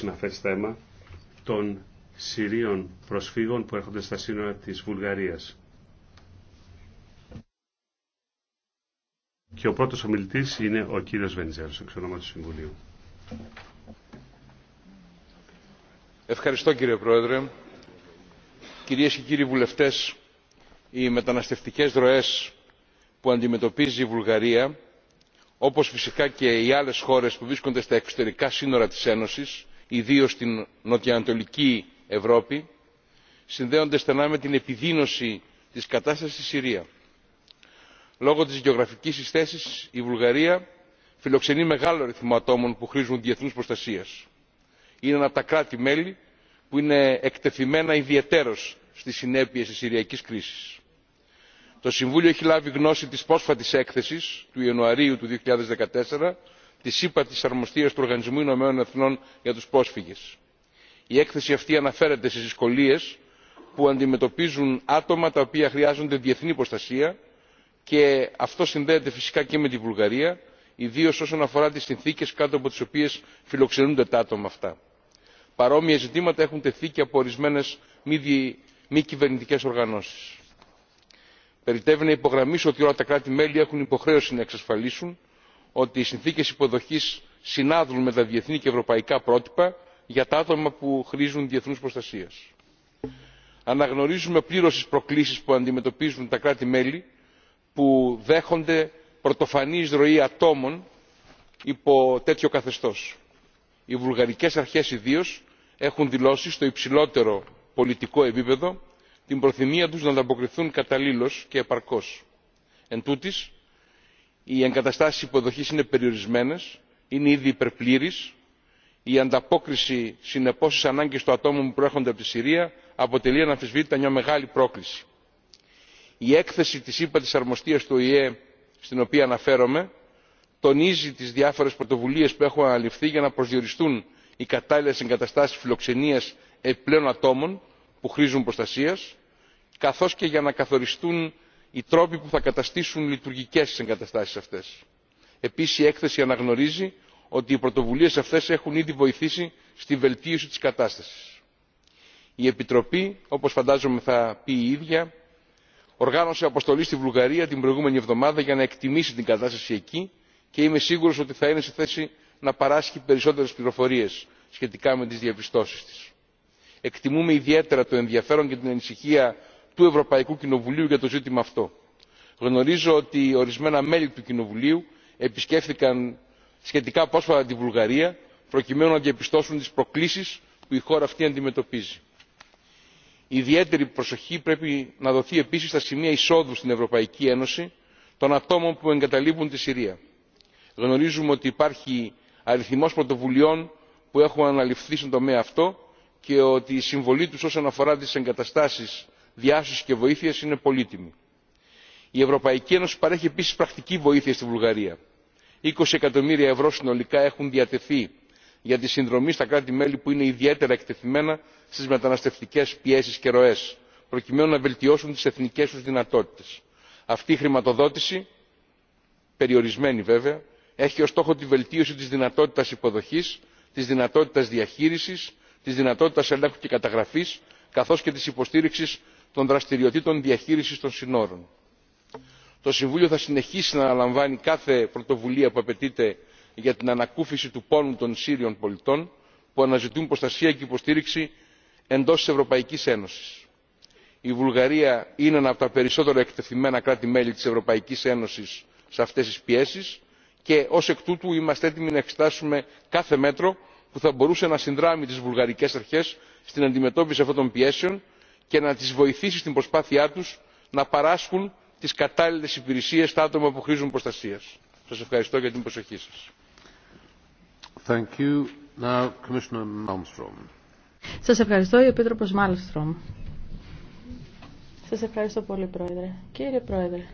συναφές θέμα των Συρίων προσφύγων που έρχονται στα σύνορα της Βουλγαρίας. Και ο πρώτος ομιλητής είναι ο κύριος Βενιζέλος, εξ του Συμβουλίου. Ευχαριστώ κύριε Πρόεδρε. Κυρίες και κύριοι βουλευτές, οι μεταναστευτικές ροές που αντιμετωπίζει η Βουλγαρία, όπως φυσικά και οι άλλες χώρες που βρίσκονται στα εξωτερικά σύνορα της Ένωσης, ιδίως στην νοτιοανατολική ευρώπη συνδέονται στενά με την επιδείνωση της κατάστασης στη συρία. λόγω της γεωγραφικής της θέσης η βουλγαρία φιλοξενεί μεγάλο αριθμό ατόμων που χρήζουν διεθνούς προστασίας. είναι ένα από τα κράτη μέλη που είναι εκτεθειμένα ιδιαιτέρως στις συνέπειες της συριακής κρίσης. το συμβούλιο έχει λάβει γνώση της πρόσφατης έκθεσης του ιανουαρίου του 2014 της ΥΠΑ της αρμοστίας του οργανισμού ηνωμένων εθνών για τους πρόσφυγες. η έκθεση αυτή αναφέρεται στις δυσκολίες που αντιμετωπίζουν άτομα τα οποία χρειάζονται διεθνή προστασία και αυτό συνδέεται φυσικά και με τη βουλγαρία ιδίως όσον αφορά τις συνθήκες κάτω από τις οποίες φιλοξενούνται τα άτομα αυτά. παρόμοια ζητήματα έχουν τεθεί και από ορισμένες μη κυβερνητικές οργανώσεις. Περιτεύει να υπογραμμίσω ότι όλα τα κράτη μέλη έχουν υποχρέωση να εξασφαλίσουν ότι οι συνθήκες υποδοχής συνάδουν με τα διεθνή και ευρωπαϊκά πρότυπα για τα άτομα που χρήζουν διεθνούς προστασίας. αναγνωρίζουμε πλήρως τις προκλήσεις που αντιμετωπίζουν τα κράτη μέλη που δέχονται πρωτοφανή ροή ατόμων υπό τέτοιο καθεστώς. οι βουλγαρικές αρχές ιδίω έχουν δηλώσει στο υψηλότερο πολιτικό επίπεδο την προθυμία τους να ανταποκριθούν καταλήλως και επαρκώς. εν οι εγκαταστάσεις υποδοχής είναι περιορισμένες είναι ήδη υπερπλήρης, η ανταπόκριση συνεπώς στις ανάγκες των ατόμων που προέρχονται από τη συρία αποτελεί αναμφισβήτητα μια μεγάλη πρόκληση. η έκθεση της ΥΠΑ της αρμοστίας του οηε στην οποία αναφέρομαι τονίζει τις διάφορες πρωτοβουλίες που έχουν αναλυφθεί για να προσδιοριστούν οι κατάλληλες εγκαταστάσεις φιλοξενίας επιπλέον ατόμων που χρήζουν προστασίας καθώς και για να καθοριστούν οι τρόποι που θα καταστήσουν λειτουργικές τις εγκαταστάσεις αυτές. επίσης η έκθεση αναγνωρίζει ότι οι πρωτοβουλίες αυτές έχουν ήδη βοηθήσει στη βελτίωση της κατάστασης. η επιτροπή όπως φαντάζομαι θα πει η ίδια οργάνωσε αποστολή στη βουλγαρία την προηγούμενη εβδομάδα για να εκτιμήσει την κατάσταση εκεί και είμαι σίγουρος ότι θα είναι σε θέση να παράσχει περισσότερες πληροφορίες σχετικά με τις διαπιστώσεις της. εκτιμούμε ιδιαίτερα το ενδιαφέρον και την ανησυχία του ευρωπαϊκού κοινοβουλίου για το ζήτημα αυτό. γνωρίζω ότι ορισμένα μέλη του κοινοβουλίου επισκέφθηκαν σχετικά πρόσφατα τη βουλγαρία προκειμένου να διαπιστώσουν τις προκλήσεις που η χώρα αυτή αντιμετωπίζει. ιδιαίτερη προσοχή πρέπει να δοθεί επίσης στα σημεία εισόδου στην ευρωπαϊκή ένωση των ατόμων που εγκαταλείπουν τη συρία. γνωρίζουμε ότι υπάρχει αριθμός πρωτοβουλειών που έχουν αναλυφθεί στον τομέα αυτό και ότι η συμβολή τους όσον αφορά τι εγκαταστάσει διάσωση και βοήθεια είναι πολύτιμη. η ευρωπαϊκή ένωση παρέχει επίση πρακτική βοήθεια στη βουλγαρία. 20 εκατομμύρια ευρώ συνολικά έχουν διατεθεί για τη συνδρομή στα κράτη μέλη που είναι ιδιαίτερα εκτεθειμένα στι μεταναστευτικέ πιέσει και ροέ προκειμένου να βελτιώσουν τι εθνικέ του δυνατότητε. αυτή η χρηματοδότηση περιορισμένη βέβαια έχει ω στόχο τη βελτίωση τη δυνατότητα υποδοχή, τη δυνατότητα διαχείριση, τη δυνατότητα ελέγχου και καταγραφή καθώ και τη υποστήριξη των δραστηριοτήτων διαχείρισης των συνόρων. το συμβούλιο θα συνεχίσει να αναλαμβάνει κάθε πρωτοβουλία που απαιτείται για την ανακούφιση του πόνου των σύριων πολιτών που αναζητούν προστασία και υποστήριξη εντός της ευρωπαϊκής ένωσης. η βουλγαρία είναι ένα από τα περισσότερο εκτεθειμένα κράτη μέλη της ευρωπαϊκής ένωσης σε αυτές τις πιέσεις και ως εκ τούτου είμαστε έτοιμοι να εξετάσουμε κάθε μέτρο που θα μπορούσε να συνδράμει τις βουλγαρικές αρχές στην αντιμετώπιση αυτών των πιέσεων και να τις βοηθήσει στην προσπάθειά τους να παράσχουν τις κατάλληλες υπηρεσίες στα άτομα που χρήζουν προστασίας. Σας ευχαριστώ για την προσοχή σας. σας ευχαριστώ, η Επίτροπος Μάλστρομ. Σας ευχαριστώ πολύ, Πρόεδρε. Κύριε Πρόεδρε,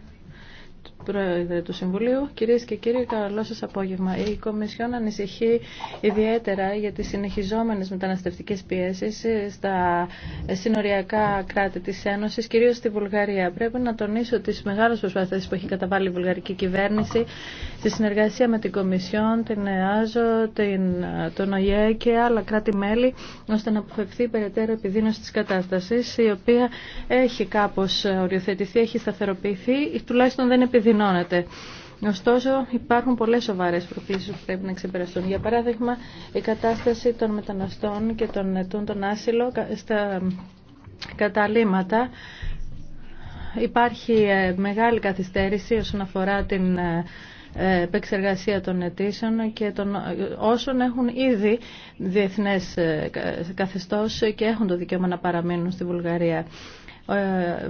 Πρόεδρε του Συμβουλίου, κυρίες και κύριοι, καλό σας απόγευμα. Η Κομισιόν ανησυχεί ιδιαίτερα για τις συνεχιζόμενες μεταναστευτικές πιέσεις στα συνοριακά κράτη της Ένωσης, κυρίως στη Βουλγαρία. Πρέπει να τονίσω τις μεγάλες προσπάθειες που έχει καταβάλει η βουλγαρική κυβέρνηση στη συνεργασία με την Κομισιόν, την ΕΑΖΟ, την, τον ΟΙΕ και άλλα κράτη-μέλη, ώστε να αποφευθεί περαιτέρω επιδείνωση της κατάστασης, η οποία έχει κάπως οριοθετηθεί, έχει σταθεροποιηθεί, τουλάχιστον δεν επιδεινώνεται. Ωστόσο, υπάρχουν πολλές σοβαρές προκλήσεις που πρέπει να ξεπεραστούν. Για παράδειγμα, η κατάσταση των μεταναστών και των ετών των άσυλο στα καταλήματα. υπάρχει ε, μεγάλη καθυστέρηση όσον αφορά την ε, ε, επεξεργασία των αιτήσεων και των όσων έχουν ήδη διεθνές καθεστώς και έχουν το δικαίωμα να παραμείνουν στη Βουλγαρία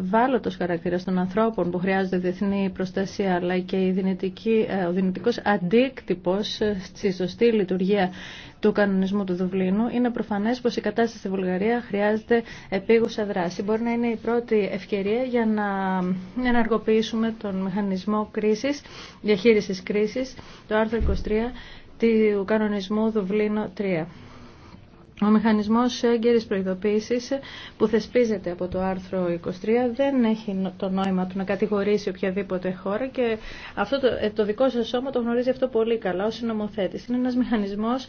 βάλωτος ε, χαρακτήρας των ανθρώπων που χρειάζονται διεθνή προστασία αλλά και η δυνητική, ε, ο δυνητικός αντίκτυπος στη σωστή λειτουργία του κανονισμού του Δουβλίνου είναι προφανές πως η κατάσταση στη Βουλγαρία χρειάζεται επίγουσα δράση. Μπορεί να είναι η πρώτη ευκαιρία για να ενεργοποιήσουμε τον μηχανισμό κρίσης, διαχείρισης κρίσης, το άρθρο 23 του κανονισμού Δουβλίνου 3. Ο μηχανισμός έγκαιρης προειδοποίησης που θεσπίζεται από το άρθρο 23 δεν έχει το νόημα του να κατηγορήσει οποιαδήποτε χώρα και αυτό το, ε, το δικό σας σώμα το γνωρίζει αυτό πολύ καλά ως νομοθέτης. Είναι ένας μηχανισμός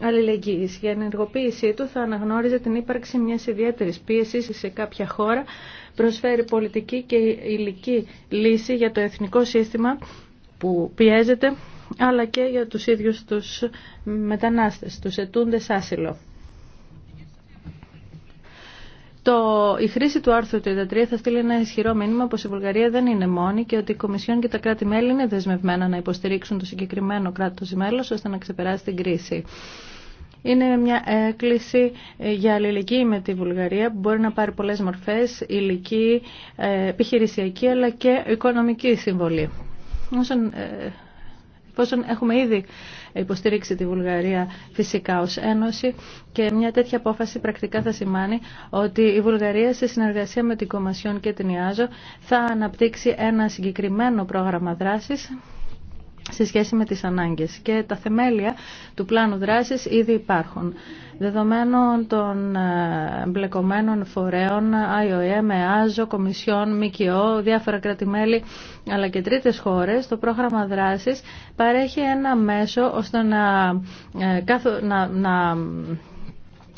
αλληλεγγύης. Για ενεργοποίησή του θα αναγνώριζε την ύπαρξη μιας ιδιαίτερης πίεσης σε κάποια χώρα, προσφέρει πολιτική και υλική λύση για το εθνικό σύστημα που πιέζεται αλλά και για τους ίδιους τους μετανάστες, τους ετούντε άσυλο. Το, η χρήση του άρθρου 33 θα στείλει ένα ισχυρό μήνυμα πως η Βουλγαρία δεν είναι μόνη και ότι η Κομισιόν και τα κράτη-μέλη είναι δεσμευμένα να υποστηρίξουν το συγκεκριμένο κράτος μέλος ώστε να ξεπεράσει την κρίση. Είναι μια έκκληση ε, για αλληλεγγύη με τη Βουλγαρία που μπορεί να πάρει πολλές μορφές, υλική, ε, επιχειρησιακή αλλά και οικονομική συμβολή. Όσον ε, εφόσον έχουμε ήδη υποστήριξει τη Βουλγαρία φυσικά ως Ένωση και μια τέτοια απόφαση πρακτικά θα σημάνει ότι η Βουλγαρία σε συνεργασία με την Κομασιόν και την ΙΑΖΟ θα αναπτύξει ένα συγκεκριμένο πρόγραμμα δράσης σε σχέση με τις ανάγκες και τα θεμέλια του πλάνου δράσης ήδη υπάρχουν. Δεδομένων των ε, εμπλεκομένων φορέων, IOM, ΑΖΟ, Κομισιόν, ΜΚΟ, διάφορα κρατημέλη αλλά και τρίτες χώρες, το πρόγραμμα δράσης παρέχει ένα μέσο ώστε να, ε, να, να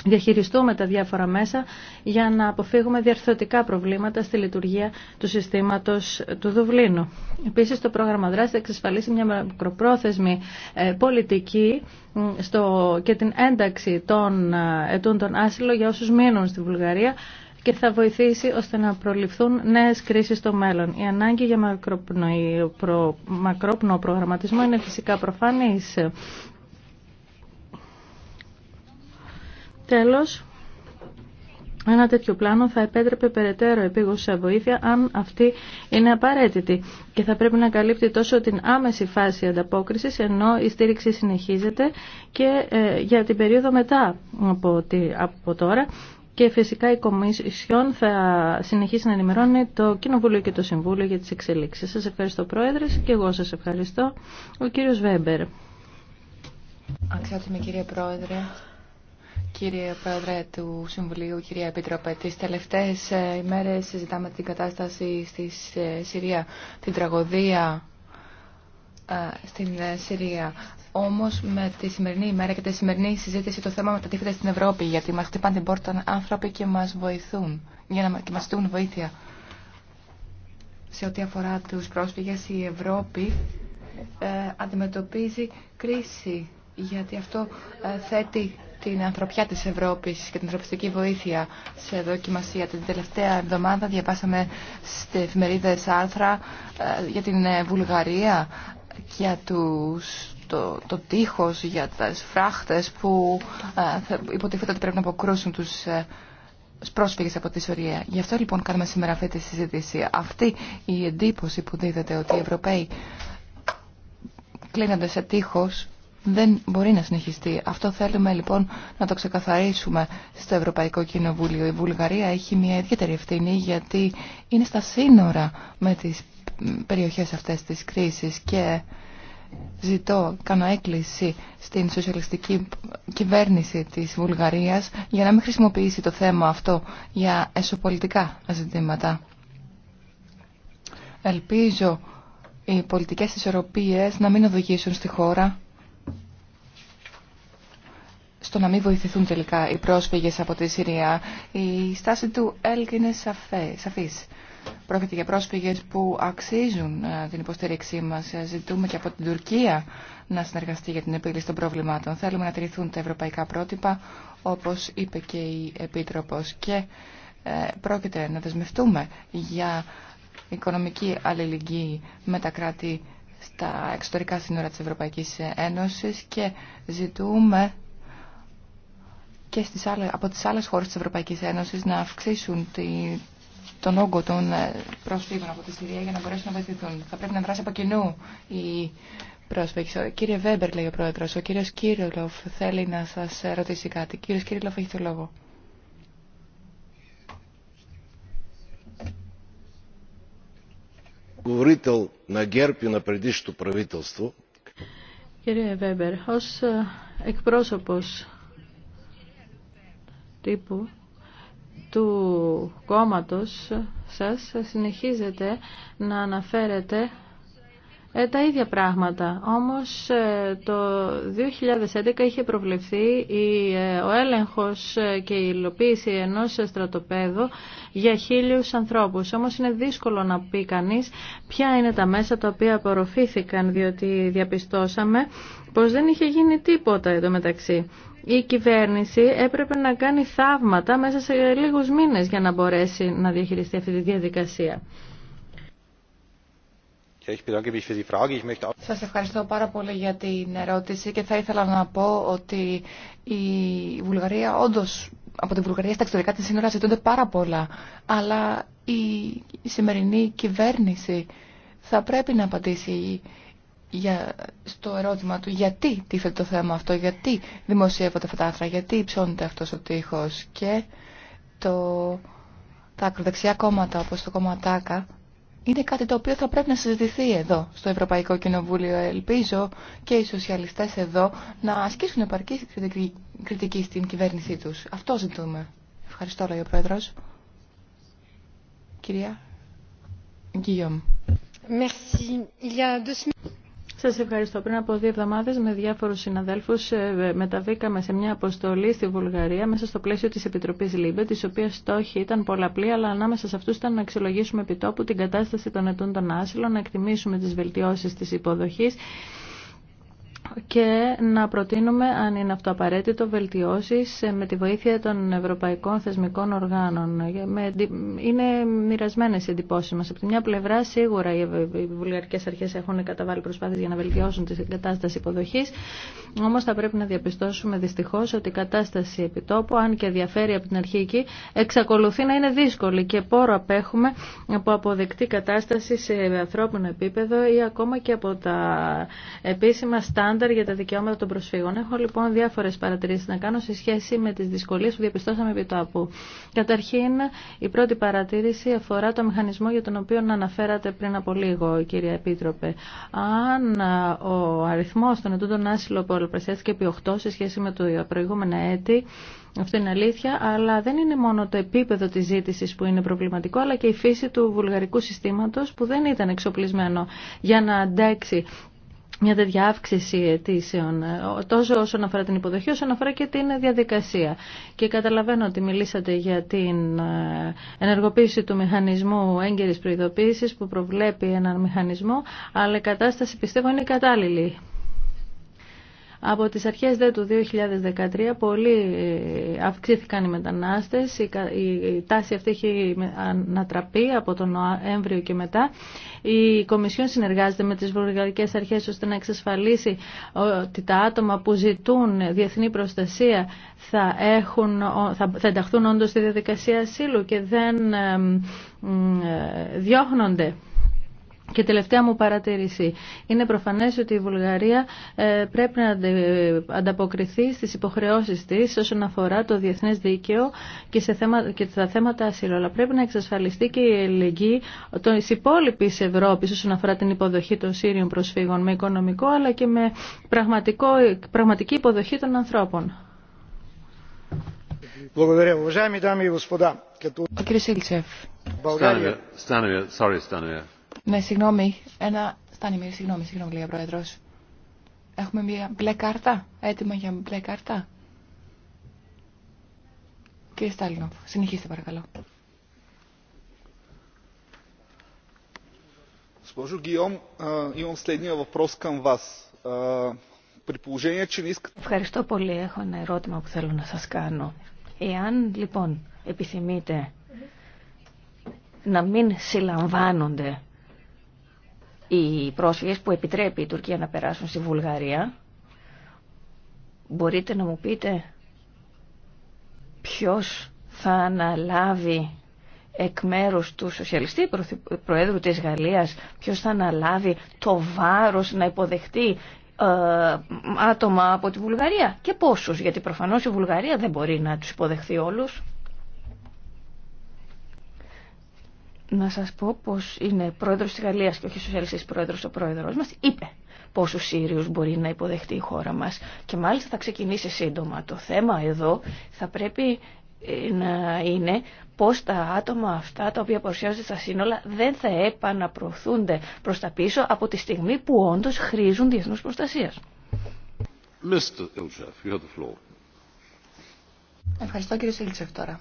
διαχειριστούμε τα διάφορα μέσα για να αποφύγουμε διαρθρωτικά προβλήματα στη λειτουργία του συστήματος του Δουβλίνου. Επίσης το πρόγραμμα δράση θα εξασφαλίσει μια μακροπρόθεσμη ε, πολιτική στο, και την ένταξη των ε, ετών των άσυλο για όσους μείνουν στη Βουλγαρία και θα βοηθήσει ώστε να προληφθούν νέες κρίσεις στο μέλλον. Η ανάγκη για μακρόπνο προγραμματισμό είναι φυσικά προφανής. Τέλος, ένα τέτοιο πλάνο θα επέτρεπε περαιτέρω επίγουσα βοήθεια αν αυτή είναι απαραίτητη και θα πρέπει να καλύπτει τόσο την άμεση φάση ανταπόκρισης ενώ η στήριξη συνεχίζεται και ε, για την περίοδο μετά από τώρα και φυσικά η Κομισιόν θα συνεχίσει να ενημερώνει το Κοινοβούλιο και το Συμβούλιο για τις εξελίξεις. Σας ευχαριστώ Πρόεδρε και εγώ σας ευχαριστώ. Ο κύριος Βέμπερ. Αξιότιμη κύριε Πρόεδρε, κύριε Πρόεδρε του Συμβουλίου, κύριε Επίτροπε. Τις τελευταίες ε, ημέρες συζητάμε την κατάσταση στη ε, Συρία, την τραγωδία ε, στην Συρία. Όμω με τη σημερινή ημέρα και τη σημερινή συζήτηση το θέμα μετατίθεται στην Ευρώπη, γιατί μα χτυπάνε την πόρτα άνθρωποι και μα βοηθούν, για να, και μα δουν βοήθεια. Σε ό,τι αφορά του πρόσφυγε, η Ευρώπη αντιμετωπίζει κρίση, γιατί αυτό θέτει την ανθρωπιά της Ευρώπης και την ανθρωπιστική βοήθεια σε δοκιμασία. Την τελευταία εβδομάδα διαβάσαμε στι εφημερίδες άρθρα ε, για την ε, Βουλγαρία, για τους, το, το τείχος, για τις φράχτες που ε, υποτίθεται ότι πρέπει να αποκρούσουν τους πρόσφυγες από τη Σωρία. Γι' αυτό λοιπόν κάνουμε σήμερα αυτή τη συζήτηση. Αυτή η εντύπωση που δίδεται ότι οι Ευρωπαίοι κλείνονται σε τείχος δεν μπορεί να συνεχιστεί. Αυτό θέλουμε λοιπόν να το ξεκαθαρίσουμε στο Ευρωπαϊκό Κοινοβούλιο. Η Βουλγαρία έχει μια ιδιαίτερη ευθύνη γιατί είναι στα σύνορα με τις περιοχές αυτές της κρίσης και ζητώ, κάνω έκκληση στην σοσιαλιστική κυβέρνηση της Βουλγαρίας για να μην χρησιμοποιήσει το θέμα αυτό για εσωπολιτικά ζητήματα. Ελπίζω οι πολιτικές ισορροπίες να μην οδηγήσουν στη χώρα στο να μην βοηθηθούν τελικά οι πρόσφυγες από τη Συρία. Η στάση του ΕΛΚ είναι σαφής. Πρόκειται για πρόσφυγες που αξίζουν ε, την υποστήριξή μας. Ε, ζητούμε και από την Τουρκία να συνεργαστεί για την επίλυση των προβλημάτων. Θέλουμε να τηρηθούν τα ευρωπαϊκά πρότυπα, όπως είπε και η Επίτροπος. Και ε, πρόκειται να δεσμευτούμε για οικονομική αλληλεγγύη με τα κράτη στα εξωτερικά σύνορα της Ευρωπαϊκής Ένωσης και ζητούμε και στις από τις άλλες χώρες της Ευρωπαϊκής Ένωσης να αυξήσουν τη, τον όγκο των ε, προσφύγων από τη Συρία για να μπορέσουν να βοηθηθούν. Θα πρέπει να δράσει από κοινού η πρόσφυγη. κύριε Βέμπερ, λέει ο πρόεδρος, ο κύριος Κύριλοφ θέλει να σας ρωτήσει κάτι. Κύριος Κύριλοφ, έχει το λόγο. Κύριε Βέμπερ, ως ε, εκπρόσωπος τύπου του κόμματος σας συνεχίζετε να αναφέρετε ε, τα ίδια πράγματα. Όμως ε, το 2011 είχε προβλεφθεί ε, ο έλεγχος και η υλοποίηση ενός στρατοπέδου για χίλιους ανθρώπους. Όμως είναι δύσκολο να πει κανείς ποια είναι τα μέσα τα οποία απορροφήθηκαν διότι διαπιστώσαμε πως δεν είχε γίνει τίποτα εδώ μεταξύ. Η κυβέρνηση έπρεπε να κάνει θαύματα μέσα σε λίγους μήνες για να μπορέσει να διαχειριστεί αυτή τη διαδικασία. Σας ευχαριστώ πάρα πολύ για την ερώτηση και θα ήθελα να πω ότι η Βουλγαρία όντως από την Βουλγαρία στα εξωτερικά της σύνορα ζητούνται πάρα πολλά αλλά η σημερινή κυβέρνηση θα πρέπει να απαντήσει για, στο ερώτημα του γιατί τίθεται το θέμα αυτό, γιατί δημοσιεύονται αυτά τα άθρα, γιατί υψώνεται αυτός ο τείχος και το, τα ακροδεξιά κόμματα όπως το κόμμα ΤΑΚΑ είναι κάτι το οποίο θα πρέπει να συζητηθεί εδώ, στο Ευρωπαϊκό Κοινοβούλιο. Ελπίζω και οι σοσιαλιστές εδώ να ασκήσουν επαρκή κριτική στην κυβέρνησή τους. Αυτό ζητούμε. Ευχαριστώ, λέει ο Πρόεδρος. Κυρία Γκίγιομ. Σα ευχαριστώ. Πριν από δύο εβδομάδε με διάφορου συναδέλφου. Ε, μεταβήκαμε σε μια αποστολή στη Βουλγαρία μέσα στο πλαίσιο της Επιτροπής ΛΥΜΠΕ, της οποίας στόχοι ήταν πολλαπλή, αλλά ανάμεσα σε αυτού ήταν να αξιολογήσουμε επιτόπου την κατάσταση των ετών των άσυλων, να εκτιμήσουμε τι βελτιώσει τη υποδοχή και να προτείνουμε, αν είναι αυτό απαραίτητο, βελτιώσεις ε, με τη βοήθεια των ευρωπαϊκών θεσμικών οργάνων. Ε, είναι μοιρασμένε οι εντυπώσεις μας. Από τη μια πλευρά, σίγουρα οι βουλγαρικές αρχές έχουν καταβάλει προσπάθειες για να βελτιώσουν την κατάσταση υποδοχής, Όμω θα πρέπει να διαπιστώσουμε δυστυχώ ότι η κατάσταση επιτόπου, αν και διαφέρει από την αρχή εκεί, εξακολουθεί να είναι δύσκολη και πόρο απέχουμε από αποδεκτή κατάσταση σε ανθρώπινο επίπεδο ή ακόμα και από τα επίσημα στάνταρ για τα δικαιώματα των προσφύγων. Έχω λοιπόν διάφορε παρατηρήσει να κάνω σε σχέση με τι δυσκολίε που διαπιστώσαμε επί το ΑΠΟΥ. Καταρχήν, η πρώτη παρατήρηση αφορά το μηχανισμό για τον οποίο αναφέρατε πριν από λίγο, κυρία Επίτροπε. Αν ο αριθμό των ετούντων άσυλο που ολοπλασιάστηκε επί 8 σε σχέση με το προηγούμενο έτη, αυτό είναι αλήθεια, αλλά δεν είναι μόνο το επίπεδο της ζήτησης που είναι προβληματικό, αλλά και η φύση του βουλγαρικού συστήματος που δεν ήταν εξοπλισμένο για να αντέξει μια τέτοια αύξηση αιτήσεων, ε, τόσο όσον αφορά την υποδοχή, όσον αφορά και την διαδικασία. Και καταλαβαίνω ότι μιλήσατε για την ε, ενεργοποίηση του μηχανισμού έγκαιρης προειδοποίησης που προβλέπει έναν μηχανισμό, αλλά η κατάσταση πιστεύω είναι κατάλληλη. Από τις αρχές του 2013 πολύ ε, αυξήθηκαν οι μετανάστες, η, τάση αυτή έχει ανατραπεί από τον Νοέμβριο και μετά. Η Κομισιόν συνεργάζεται με τις βουλγαρικές αρχές ώστε να εξασφαλίσει ότι τα άτομα που ζητούν διεθνή προστασία θα, έχουν, θα, ενταχθούν όντως στη διαδικασία ασύλου και δεν ε, διώχνονται. Και τελευταία μου παρατήρηση. Είναι προφανές ότι η Βουλγαρία ε, πρέπει να ανταποκριθεί στις υποχρεώσεις της όσον αφορά το διεθνές δίκαιο και, σε και τα θέματα ασύλου. Αλλά πρέπει να εξασφαλιστεί και η ελληνική τη υπόλοιπη Ευρώπη όσον αφορά την υποδοχή των Σύριων προσφύγων με οικονομικό αλλά και με πραγματικό, πραγματική υποδοχή των ανθρώπων. Sorry, ναι, συγγνώμη. Ένα... Στάνει μία, συγγνώμη, συγγνώμη, λέει ο Πρόεδρος. Έχουμε μία μπλε κάρτα. Έτοιμα για μπλε κάρτα. Κύριε Στάλινοφ, συνεχίστε παρακαλώ. Госпожо Гиом, имам следния въпрос към вас. Ευχαριστώ πολύ. Έχω ένα ερώτημα που θέλω να σας κάνω. Εάν λοιπόν επιθυμείτε να μην συλλαμβάνονται οι πρόσφυγες που επιτρέπει η Τουρκία να περάσουν στη Βουλγαρία. Μπορείτε να μου πείτε ποιος θα αναλάβει εκ μέρους του σοσιαλιστή Προέδρου της Γαλλίας ποιος θα αναλάβει το βάρος να υποδεχτεί ε, άτομα από τη Βουλγαρία και πόσους γιατί προφανώς η Βουλγαρία δεν μπορεί να τους υποδεχθεί όλους να σας πω πως είναι πρόεδρος της Γαλλίας και όχι σοσιαλιστής πρόεδρος ο πρόεδρος μας, είπε πόσους Σύριους μπορεί να υποδεχτεί η χώρα μας. Και μάλιστα θα ξεκινήσει σύντομα. Το θέμα εδώ θα πρέπει ε, να είναι πως τα άτομα αυτά τα οποία παρουσιάζονται στα σύνολα δεν θα επαναπροωθούνται προς τα πίσω από τη στιγμή που όντως χρήζουν διεθνούς προστασίας. Ευχαριστώ κύριε Σίλτσεφ τώρα.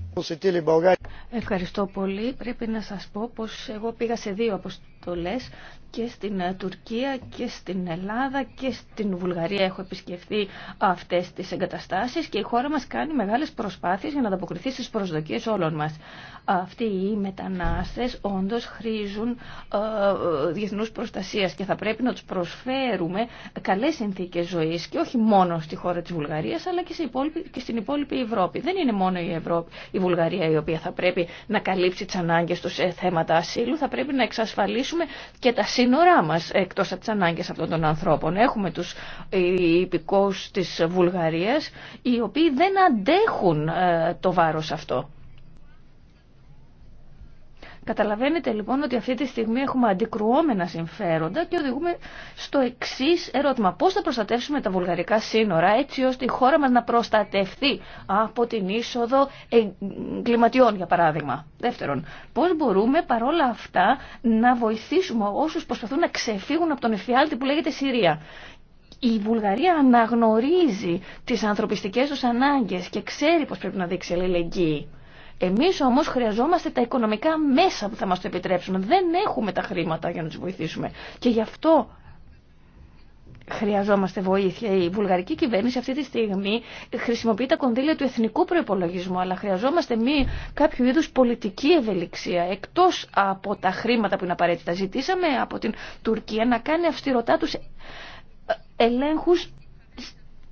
Ευχαριστώ πολύ. Πρέπει να σας πω πως εγώ πήγα σε δύο αποστολές και στην ε, Τουρκία και στην Ελλάδα και στην Βουλγαρία έχω επισκεφθεί αυτές τις εγκαταστάσεις και η χώρα μας κάνει μεγάλες προσπάθειες για να ανταποκριθεί στις προσδοκίες όλων μας. Αυτοί οι μετανάστες όντως χρήζουν ε, ε διεθνούς προστασίας και θα πρέπει να τους προσφέρουμε καλές συνθήκες ζωής και όχι μόνο στη χώρα της Βουλγαρίας αλλά και, στην υπόλοιπη Ευρώπη. Δεν είναι μόνο η Ευρώπη. Βουλγαρία η οποία θα πρέπει να καλύψει τις ανάγκες του σε θέματα ασύλου, θα πρέπει να εξασφαλίσουμε και τα σύνορά μας εκτός από τις ανάγκες αυτών των ανθρώπων. Έχουμε τους υπηκόους της Βουλγαρίας οι οποίοι δεν αντέχουν ε, το βάρος αυτό. Καταλαβαίνετε λοιπόν ότι αυτή τη στιγμή έχουμε αντικρουόμενα συμφέροντα και οδηγούμε στο εξή ερώτημα. Πώ θα προστατεύσουμε τα βουλγαρικά σύνορα έτσι ώστε η χώρα μα να προστατευτεί από την είσοδο εγκληματιών, για παράδειγμα. Δεύτερον, πώ μπορούμε παρόλα αυτά να βοηθήσουμε όσου προσπαθούν να ξεφύγουν από τον εφιάλτη που λέγεται Συρία. Η Βουλγαρία αναγνωρίζει τις ανθρωπιστικές τους ανάγκες και ξέρει πως πρέπει να δείξει αλληλεγγύη. Εμείς όμως χρειαζόμαστε τα οικονομικά μέσα που θα μας το επιτρέψουν. Δεν έχουμε τα χρήματα για να τους βοηθήσουμε. Και γι' αυτό χρειαζόμαστε βοήθεια. Η βουλγαρική κυβέρνηση αυτή τη στιγμή χρησιμοποιεί τα κονδύλια του εθνικού προπολογισμού, αλλά χρειαζόμαστε μη κάποιο είδους πολιτική ευελιξία εκτός από τα χρήματα που είναι απαραίτητα. Ζητήσαμε από την Τουρκία να κάνει αυστηρωτά του ελέγχου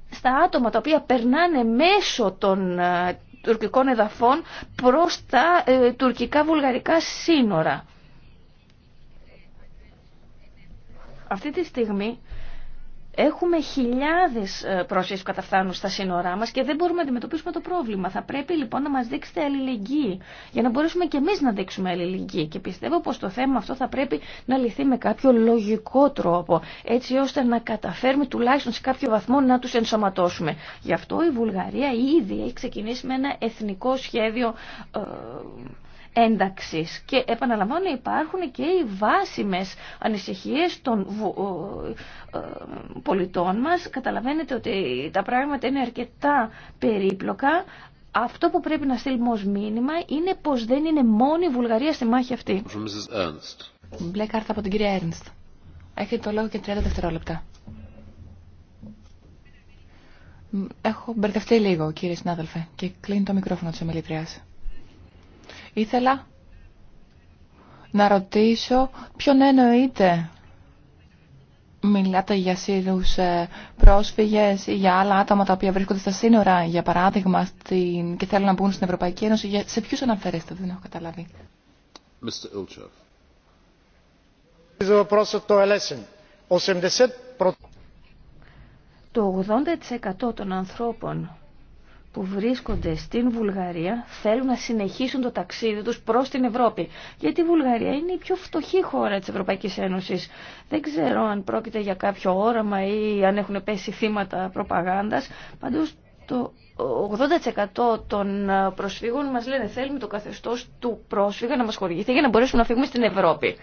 στα άτομα τα οποία περνάνε μέσω των ε, τουρκικών εδαφών προς τα ε, τουρκικά-βουλγαρικά σύνορα. Αυτή τη στιγμή Έχουμε χιλιάδε πρόσφυγε που καταφθάνουν στα σύνορά μα και δεν μπορούμε να αντιμετωπίσουμε το πρόβλημα. Θα πρέπει λοιπόν να μα δείξετε αλληλεγγύη για να μπορέσουμε και εμεί να δείξουμε αλληλεγγύη. Και πιστεύω πω το θέμα αυτό θα πρέπει να λυθεί με κάποιο λογικό τρόπο, έτσι ώστε να καταφέρουμε τουλάχιστον σε κάποιο βαθμό να του ενσωματώσουμε. Γι' αυτό η Βουλγαρία ήδη έχει ξεκινήσει με ένα εθνικό σχέδιο. Ε, ένταξης. Και επαναλαμβάνω υπάρχουν και οι βάσιμες ανησυχίες των ε, πολιτών μας. Καταλαβαίνετε ότι τα πράγματα είναι αρκετά περίπλοκα. Αυτό που πρέπει να στείλουμε ως μήνυμα είναι πως δεν είναι μόνο η Βουλγαρία στη μάχη αυτή. Μπλε κάρτα από την κυρία Έρνστ. Έχετε το λόγο και 30 δευτερόλεπτα. Έχω μπερδευτεί λίγο, κύριε συνάδελφε, και κλείνει το μικρόφωνο της ομιλητριάς. Ήθελα να ρωτήσω ποιον εννοείται. Μιλάτε για Σύρους ε, πρόσφυγες ή για άλλα άτομα τα οποία βρίσκονται στα σύνορα, για παράδειγμα, στην... και θέλουν να μπουν στην Ευρωπαϊκή Ένωση. Σε ποιους αναφέρεστε, δεν έχω καταλάβει. Το 80% των ανθρώπων που βρίσκονται στην Βουλγαρία θέλουν να συνεχίσουν το ταξίδι τους προς την Ευρώπη. Γιατί η Βουλγαρία είναι η πιο φτωχή χώρα της Ευρωπαϊκής Ένωσης. Δεν ξέρω αν πρόκειται για κάποιο όραμα ή αν έχουν πέσει θύματα προπαγάνδας. Παντούς το 80% των ε, προσφύγων μας λένε θέλουμε το καθεστώς του πρόσφυγα να μας χορηγηθεί για να μπορέσουμε να φύγουμε στην Ευρώπη.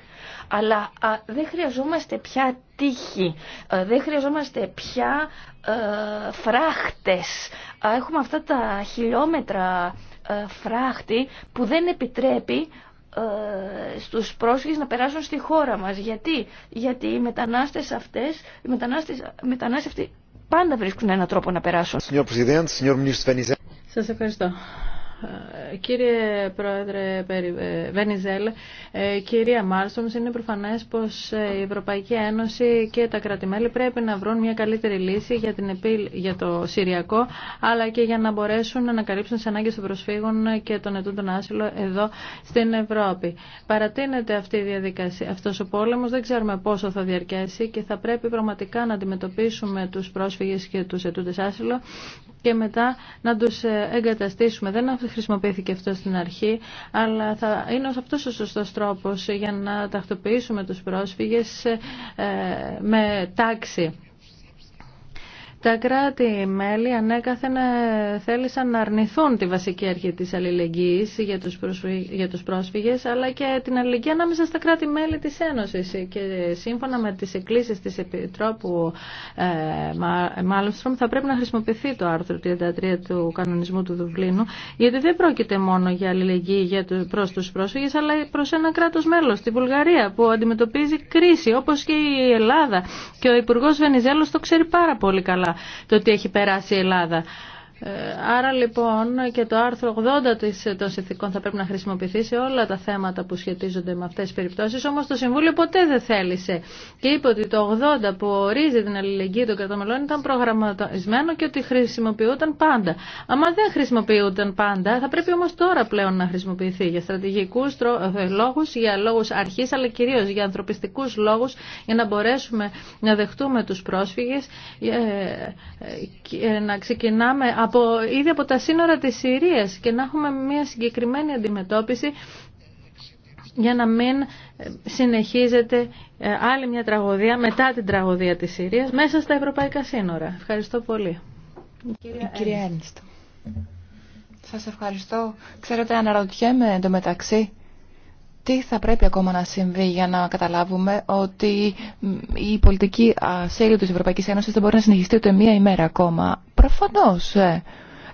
Αλλά δεν χρειαζόμαστε πια τύχη, ε, δεν χρειαζόμαστε πια ε, φράχτες. έχουμε αυτά τα χιλιόμετρα φράχτη που δεν επιτρέπει στους πρόσφυγες να περάσουν στη χώρα μας. Γιατί, Γιατί οι μετανάστες αυτές, οι μετανάστες, μετανάστες πάντα βρίσκουν έναν τρόπο να περάσουν. Σας ευχαριστώ. Κύριε Πρόεδρε ε, Βενιζέλ, ε, κυρία Μάλστομς, είναι προφανές πως ε, η Ευρωπαϊκή Ένωση και τα κρατημέλη πρέπει να βρουν μια καλύτερη λύση για, την, για το Συριακό, αλλά και για να μπορέσουν να ανακαλύψουν τις ανάγκες των προσφύγων και των ετούντων άσυλο εδώ στην Ευρώπη. Παρατείνεται αυτή η διαδικασία, αυτός ο πόλεμος, δεν ξέρουμε πόσο θα διαρκέσει και θα πρέπει πραγματικά να αντιμετωπίσουμε τους πρόσφυγες και τους ετούντες άσυλο και μετά να τους εγκαταστήσουμε. Δεν δεν χρησιμοποιήθηκε αυτό στην αρχή, αλλά θα είναι αυτός ο σωστός τρόπος για να τακτοποιήσουμε τους πρόσφυγες ε, με τάξη. Τα κράτη-μέλη ανέκαθεν ε, θέλησαν να αρνηθούν τη βασική αρχή της αλληλεγγύης για τους, για τους πρόσφυγες, αλλά και την αλληλεγγύη ανάμεσα στα κράτη-μέλη της Ένωσης. Και σύμφωνα με τις εκκλήσεις της Επιτρόπου ε, θα πρέπει να χρησιμοποιηθεί το άρθρο 33 του κανονισμού του Δουβλίνου, γιατί δεν πρόκειται μόνο για αλληλεγγύη για το, προς τους πρόσφυγες, αλλά προς ένα κράτος μέλος, τη Βουλγαρία, που αντιμετωπίζει κρίση, όπως και η Ελλάδα. Και ο Υπουργός Βενιζέλος το ξέρει πάρα πολύ καλά το τι έχει περάσει η Ελλάδα. Ε, άρα λοιπόν και το άρθρο 80 των συνθήκων θα πρέπει να χρησιμοποιηθεί σε όλα τα θέματα που σχετίζονται με αυτές τις περιπτώσεις, όμως το Συμβούλιο ποτέ δεν θέλησε και είπε ότι το 80 που ορίζει την αλληλεγγύη των κρατομελών ήταν προγραμματισμένο και ότι χρησιμοποιούταν πάντα. Αν δεν χρησιμοποιούταν πάντα, θα πρέπει όμως τώρα πλέον να χρησιμοποιηθεί για στρατηγικούς ε, λόγους, για λόγους αρχής, αλλά κυρίως για ανθρωπιστικούς λόγους, για να μπορέσουμε να δεχτούμε τους πρόσφυγες, ε, να ξεκινάμε από, ήδη από τα σύνορα της Συρίας και να έχουμε μια συγκεκριμένη αντιμετώπιση για να μην συνεχίζεται ε, άλλη μια τραγωδία μετά την τραγωδία της Συρίας μέσα στα ευρωπαϊκά σύνορα. Ευχαριστώ πολύ. κυρία, Ένιστο. Σας ευχαριστώ. Ξέρετε, αναρωτιέμαι εντωμεταξύ τι θα πρέπει ακόμα να συμβεί για να καταλάβουμε ότι η πολιτική ασύλου της Ευρωπαϊκής Ένωσης δεν μπορεί να συνεχιστεί ούτε μία ημέρα ακόμα. Προφανώς ε.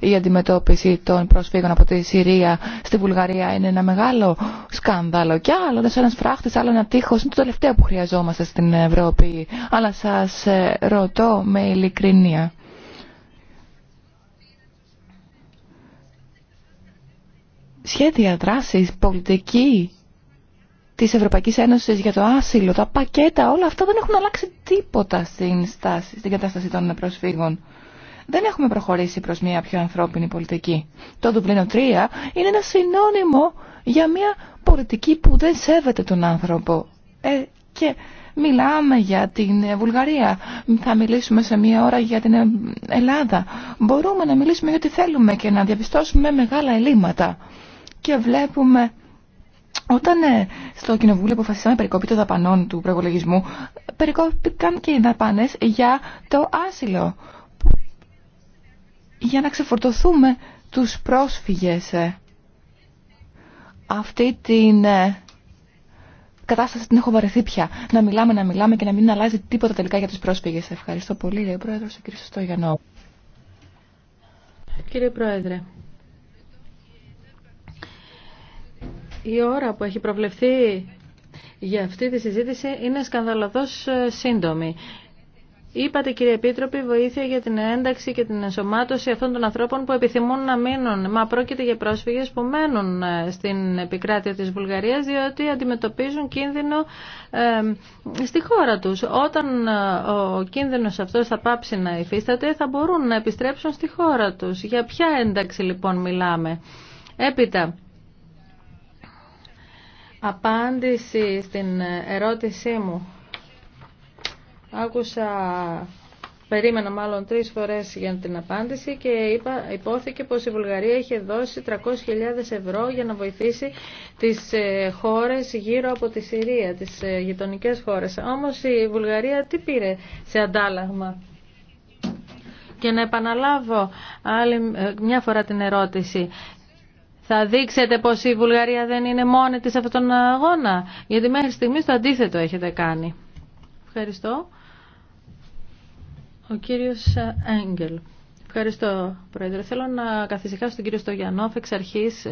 η αντιμετώπιση των προσφύγων από τη Συρία στη Βουλγαρία είναι ένα μεγάλο σκάνδαλο και άλλο ένας φράχτης, άλλο ένα τείχος είναι το τελευταίο που χρειαζόμαστε στην Ευρώπη. Αλλά σας ε, ρωτώ με ειλικρινία. Σχέδια δράσης, πολιτική Τη Ευρωπαϊκή Ένωση για το άσυλο, τα πακέτα, όλα αυτά δεν έχουν αλλάξει τίποτα στην, στάση, στην κατάσταση των προσφύγων. Δεν έχουμε προχωρήσει προς μια πιο ανθρώπινη πολιτική. Το Δουβλίνο 3 είναι ένα συνώνυμο για μια πολιτική που δεν σέβεται τον άνθρωπο. Ε, και μιλάμε για την Βουλγαρία, θα μιλήσουμε σε μία ώρα για την Ελλάδα. Μπορούμε να μιλήσουμε για ό,τι θέλουμε και να διαπιστώσουμε μεγάλα ελλείμματα. Και βλέπουμε όταν ε, στο Κοινοβούλιο αποφασίσαμε περικόπη των δαπανών του προπολογισμού, περικόπηκαν και οι δαπάνε για το άσυλο. Για να ξεφορτωθούμε τους πρόσφυγες. Ε. Αυτή την ε, κατάσταση την έχω βαρεθεί πια. Να μιλάμε, να μιλάμε και να μην αλλάζει τίποτα τελικά για τους πρόσφυγες. Ευχαριστώ πολύ, λέει ο Πρόεδρος, ο κ. Στογιανό. Κύριε Πρόεδρε, Η ώρα που έχει προβλεφθεί για αυτή τη συζήτηση είναι σκανδαλωδώς ε, σύντομη. Είπατε κύριε Επίτροπη βοήθεια για την ένταξη και την ενσωμάτωση αυτών των ανθρώπων που επιθυμούν να μείνουν. Μα πρόκειται για πρόσφυγες που μένουν ε, στην επικράτεια της Βουλγαρίας διότι αντιμετωπίζουν κίνδυνο ε, στη χώρα τους. Όταν ο κίνδυνος αυτός θα πάψει να υφίσταται θα μπορούν να επιστρέψουν στη χώρα τους. Για ποια ένταξη λοιπόν μιλάμε. Έπειτα, απάντηση στην ερώτησή μου. Άκουσα, περίμενα μάλλον τρεις φορές για την απάντηση και είπα, υπόθηκε πως η Βουλγαρία είχε δώσει 300.000 ευρώ για να βοηθήσει τις ε, χώρες γύρω από τη Συρία, τις ε, γειτονικές χώρες. Όμως η Βουλγαρία τι πήρε σε αντάλλαγμα. Και να επαναλάβω άλλη ε, μια φορά την ερώτηση. Θα δείξετε πως η Βουλγαρία δεν είναι μόνη της σε αυτόν τον αγώνα. Γιατί μέχρι στιγμής το αντίθετο έχετε κάνει. Ευχαριστώ. Ο κύριος Έγγελ. Ευχαριστώ, Πρόεδρε. Θέλω να καθησυχάσω τον κύριο Στογιανόφ εξ αρχής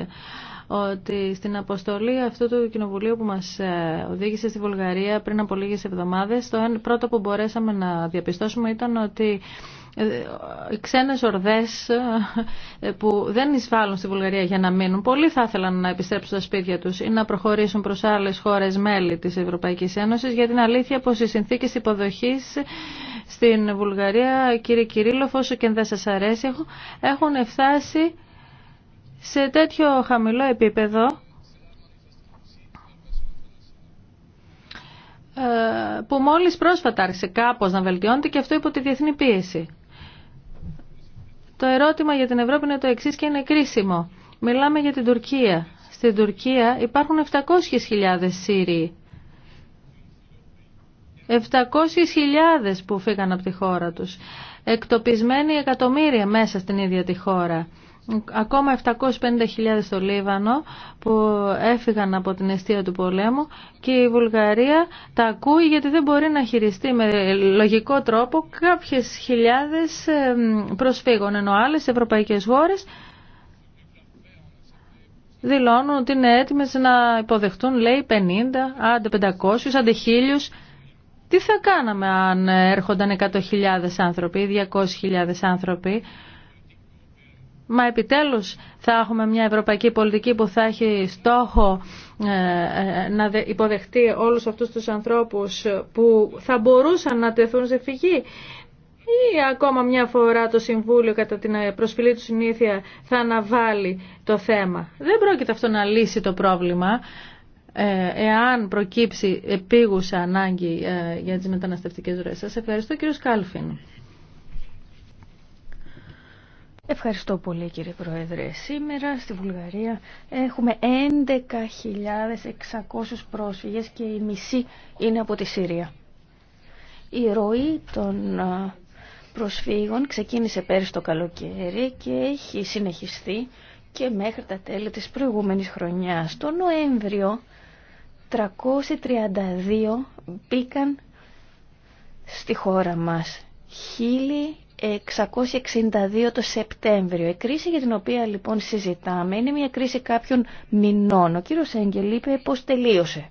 ότι στην αποστολή αυτού του κοινοβουλίου που μας ε, οδήγησε στη Βουλγαρία πριν από λίγες εβδομάδες, το πρώτο που μπορέσαμε να διαπιστώσουμε ήταν ότι οι ξένες ορδές ε, που δεν εισβάλλουν στη Βουλγαρία για να μείνουν, πολλοί θα ήθελαν να επιστρέψουν στα σπίτια τους ή να προχωρήσουν προς άλλες χώρες μέλη της Ευρωπαϊκής Ένωσης για την αλήθεια πως οι συνθήκες υποδοχής στην Βουλγαρία, κύριε Κυρίλοφ, όσο και αν δεν σας αρέσει, έχουν φτάσει σε τέτοιο χαμηλό επίπεδο ε, που μόλις πρόσφατα άρχισε κάπως να βελτιώνεται και αυτό υπό τη διεθνή πίεση. Το ερώτημα για την Ευρώπη είναι το εξή και είναι κρίσιμο. Μιλάμε για την Τουρκία. Στην Τουρκία υπάρχουν 700.000 Σύριοι. 700.000 που φύγαν από τη χώρα τους. Εκτοπισμένοι εκατομμύρια μέσα στην ίδια τη χώρα ακόμα 750.000 στο Λίβανο που έφυγαν από την αιστεία του πολέμου και η Βουλγαρία τα ακούει γιατί δεν μπορεί να χειριστεί με λογικό τρόπο κάποιες χιλιάδες προσφύγων ενώ άλλες ευρωπαϊκές χώρες δηλώνουν ότι είναι έτοιμες να υποδεχτούν λέει 50, άντε 500, άντε 1000 τι θα κάναμε αν έρχονταν 100.000 άνθρωποι ή 200.000 άνθρωποι Μα επιτέλους θα έχουμε μια ευρωπαϊκή πολιτική που θα έχει στόχο ε, ε, να υποδεχτεί όλους αυτούς τους ανθρώπους που θα μπορούσαν να τεθούν σε φυγή ή ακόμα μια φορά το Συμβούλιο κατά την ε, προσφυλή του συνήθεια θα αναβάλει το θέμα. Δεν πρόκειται αυτό να λύσει το πρόβλημα εάν προκύψει επίγουσα ανάγκη για τις μεταναστευτικές ροές. Σας ευχαριστώ κύριο Σκάλφιν. Ευχαριστώ πολύ κύριε Πρόεδρε. Σήμερα στη Βουλγαρία έχουμε 11.600 πρόσφυγες και η μισή είναι από τη Συρία. Η ροή των προσφύγων ξεκίνησε πέρυσι το καλοκαίρι και έχει συνεχιστεί και μέχρι τα τέλη της προηγούμενης χρονιάς. Το Νοέμβριο 332 μπήκαν στη χώρα μας. 662 το Σεπτέμβριο. Η κρίση για την οποία λοιπόν συζητάμε είναι μια κρίση κάποιων μηνών. Ο κύριος Έγγελ είπε πώς τελείωσε.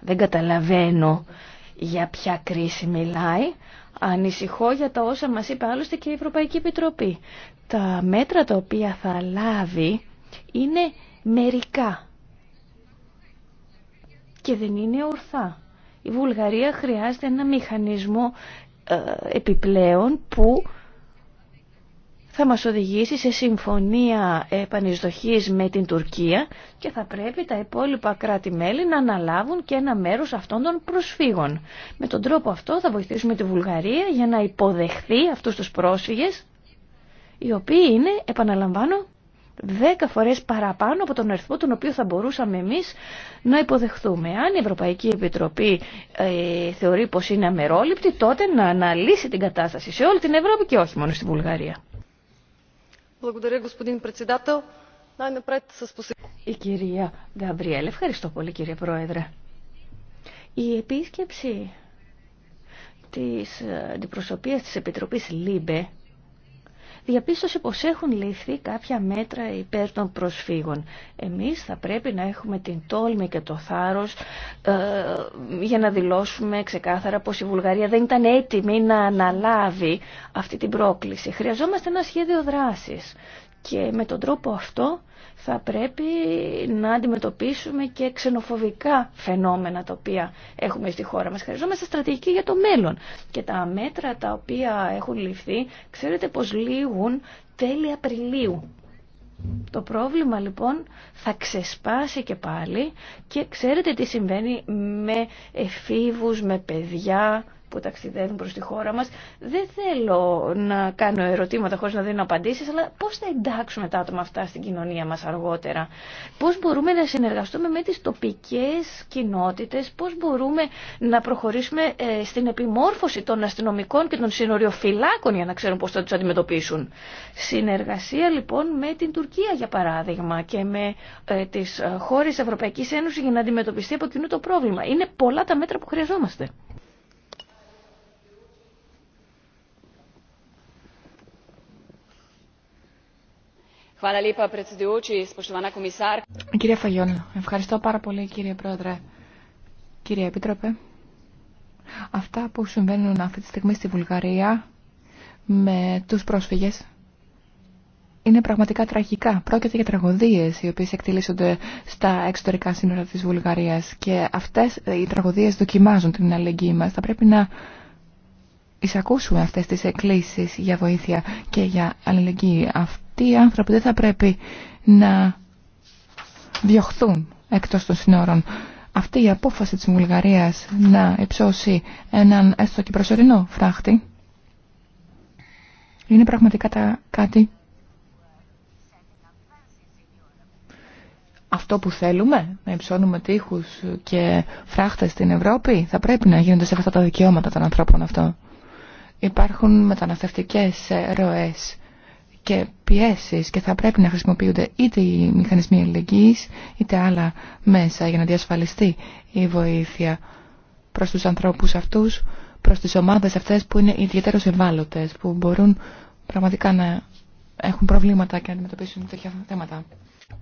Δεν καταλαβαίνω για ποια κρίση μιλάει. Ανησυχώ για τα όσα μας είπε άλλωστε και η Ευρωπαϊκή Επιτροπή. Τα μέτρα τα οποία θα λάβει είναι μερικά και δεν είναι ορθά. Η Βουλγαρία χρειάζεται ένα μηχανισμό ε, επιπλέον που θα μας οδηγήσει σε συμφωνία επανεισδοχής με την Τουρκία και θα πρέπει τα υπόλοιπα κράτη-μέλη να αναλάβουν και ένα μέρος αυτών των προσφύγων. Με τον τρόπο αυτό θα βοηθήσουμε τη Βουλγαρία για να υποδεχθεί αυτούς τους πρόσφυγες, οι οποίοι είναι, επαναλαμβάνω, δέκα φορές παραπάνω από τον αριθμό τον οποίο θα μπορούσαμε εμείς να υποδεχθούμε. Αν η Ευρωπαϊκή Επιτροπή ε, θεωρεί πως είναι αμερόληπτη, τότε να αναλύσει την κατάσταση σε όλη την Ευρώπη και όχι μόνο στη Βουλγαρία. Η κυρία Γκαμπριέλε, ευχαριστώ πολύ κύριε Πρόεδρε. Η επίσκεψη της ε, αντιπροσωπείας της Επιτροπής ΛΥΜΠΕ διαπίστωσε πως έχουν ληφθεί κάποια μέτρα υπέρ των προσφύγων. Εμείς θα πρέπει να έχουμε την τόλμη και το θάρρος ε, για να δηλώσουμε ξεκάθαρα πως η Βουλγαρία δεν ήταν έτοιμη να αναλάβει αυτή την πρόκληση. Χρειαζόμαστε ένα σχέδιο δράσης και με τον τρόπο αυτό θα πρέπει να αντιμετωπίσουμε και ξενοφοβικά φαινόμενα τα οποία έχουμε στη χώρα μας. Χρειαζόμαστε στρατηγική για το μέλλον και τα μέτρα τα οποία έχουν ληφθεί ξέρετε πως λήγουν τέλη Απριλίου. Το πρόβλημα λοιπόν θα ξεσπάσει και πάλι και ξέρετε τι συμβαίνει με εφήβους, με παιδιά, που ταξιδεύουν προς τη χώρα μας. Δεν θέλω να κάνω ερωτήματα χωρίς να δίνω απαντήσεις, αλλά πώς θα εντάξουμε τα άτομα αυτά στην κοινωνία μας αργότερα. Πώς μπορούμε να συνεργαστούμε με τις τοπικές κοινότητες, πώς μπορούμε να προχωρήσουμε ε, στην επιμόρφωση των αστυνομικών και των συνοριοφυλάκων για να ξέρουν πώς θα τους αντιμετωπίσουν. Συνεργασία λοιπόν με την Τουρκία για παράδειγμα και με ε, τις ε, χώρες Ευρωπαϊκής Ένωσης για να αντιμετωπιστεί από κοινού το πρόβλημα. Είναι πολλά τα μέτρα που χρειαζόμαστε. Κύριε Φαγιόν, ευχαριστώ πάρα πολύ κύριε Πρόεδρε. Κύριε Επίτροπε, αυτά που συμβαίνουν αυτή τη στιγμή στη Βουλγαρία με τους πρόσφυγες είναι πραγματικά τραγικά. Πρόκειται για τραγωδίες οι οποίες εκτελήσονται στα εξωτερικά σύνορα της Βουλγαρίας και αυτές οι τραγωδίες δοκιμάζουν την αλληλεγγύη μα Θα πρέπει να εισακούσουμε αυτές τις εκκλήσεις για βοήθεια και για αλληλεγγύη. Αυτοί οι άνθρωποι δεν θα πρέπει να διωχθούν εκτός των συνόρων. Αυτή η απόφαση της Βουλγαρίας να υψώσει έναν έστω και προσωρινό φράχτη είναι πραγματικά κάτι αυτό που θέλουμε, να υψώνουμε τείχους και φράχτες στην Ευρώπη, θα πρέπει να γίνονται σε αυτά τα δικαιώματα των ανθρώπων αυτό υπάρχουν μεταναστευτικές ροές και πιέσεις και θα πρέπει να χρησιμοποιούνται είτε οι μηχανισμοί ελληνικής είτε άλλα μέσα για να διασφαλιστεί η βοήθεια προς τους ανθρώπους αυτούς, προς τις ομάδες αυτές που είναι ιδιαίτερω ευάλωτες, που μπορούν πραγματικά να έχουν προβλήματα και να αντιμετωπίσουν τέτοια θέματα.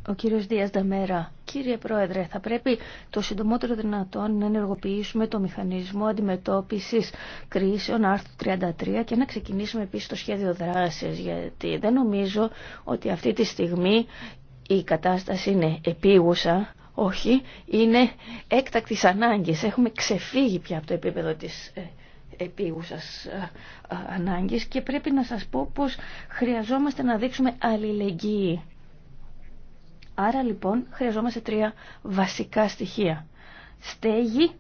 Ο κύριος Δίας Νταμέρα. Κύριε Πρόεδρε, θα πρέπει το συντομότερο δυνατόν να ενεργοποιήσουμε το μηχανισμό αντιμετώπισης κρίσεων άρθρου 33 και να ξεκινήσουμε επίσης το σχέδιο δράσης, γιατί δεν νομίζω ότι αυτή τη στιγμή η κατάσταση είναι επίγουσα, όχι, είναι έκτακτης ανάγκης. Έχουμε ξεφύγει πια από το επίπεδο της ε, επίγουσας ε, ανάγκης και πρέπει να σας πω πως χρειαζόμαστε να δείξουμε αλληλεγγύη Άρα λοιπόν χρειαζόμαστε τρία βασικά στοιχεία. Στέγη,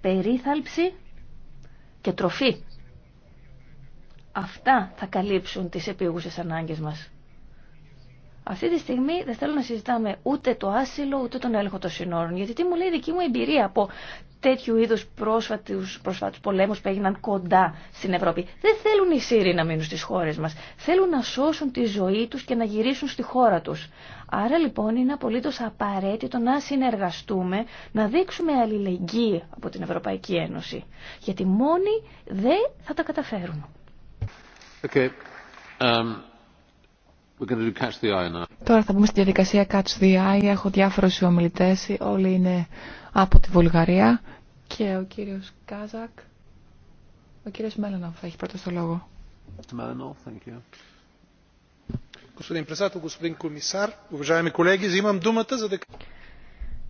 περίθαλψη και τροφή. Αυτά θα καλύψουν τις επίγουσες ανάγκες μας. Αυτή τη στιγμή δεν θέλω να συζητάμε ούτε το άσυλο ούτε τον έλεγχο των συνόρων. Γιατί τι μου λέει η δική μου εμπειρία από τέτοιου είδου πρόσφατου πολέμου πολέμους που έγιναν κοντά στην Ευρώπη. Δεν θέλουν οι Σύριοι να μείνουν στι χώρε μα. Θέλουν να σώσουν τη ζωή του και να γυρίσουν στη χώρα του. Άρα λοιπόν είναι απολύτω απαραίτητο να συνεργαστούμε, να δείξουμε αλληλεγγύη από την Ευρωπαϊκή Ένωση. Γιατί μόνοι δεν θα τα καταφέρουν. Okay. Um, Τώρα θα πούμε στη διαδικασία Catch the Eye. Έχω διάφορους ομιλητές, όλοι είναι από τη Βουλγαρία και ο κύριος Κάζακ, ο κύριος θα έχει πρώτος το λόγο.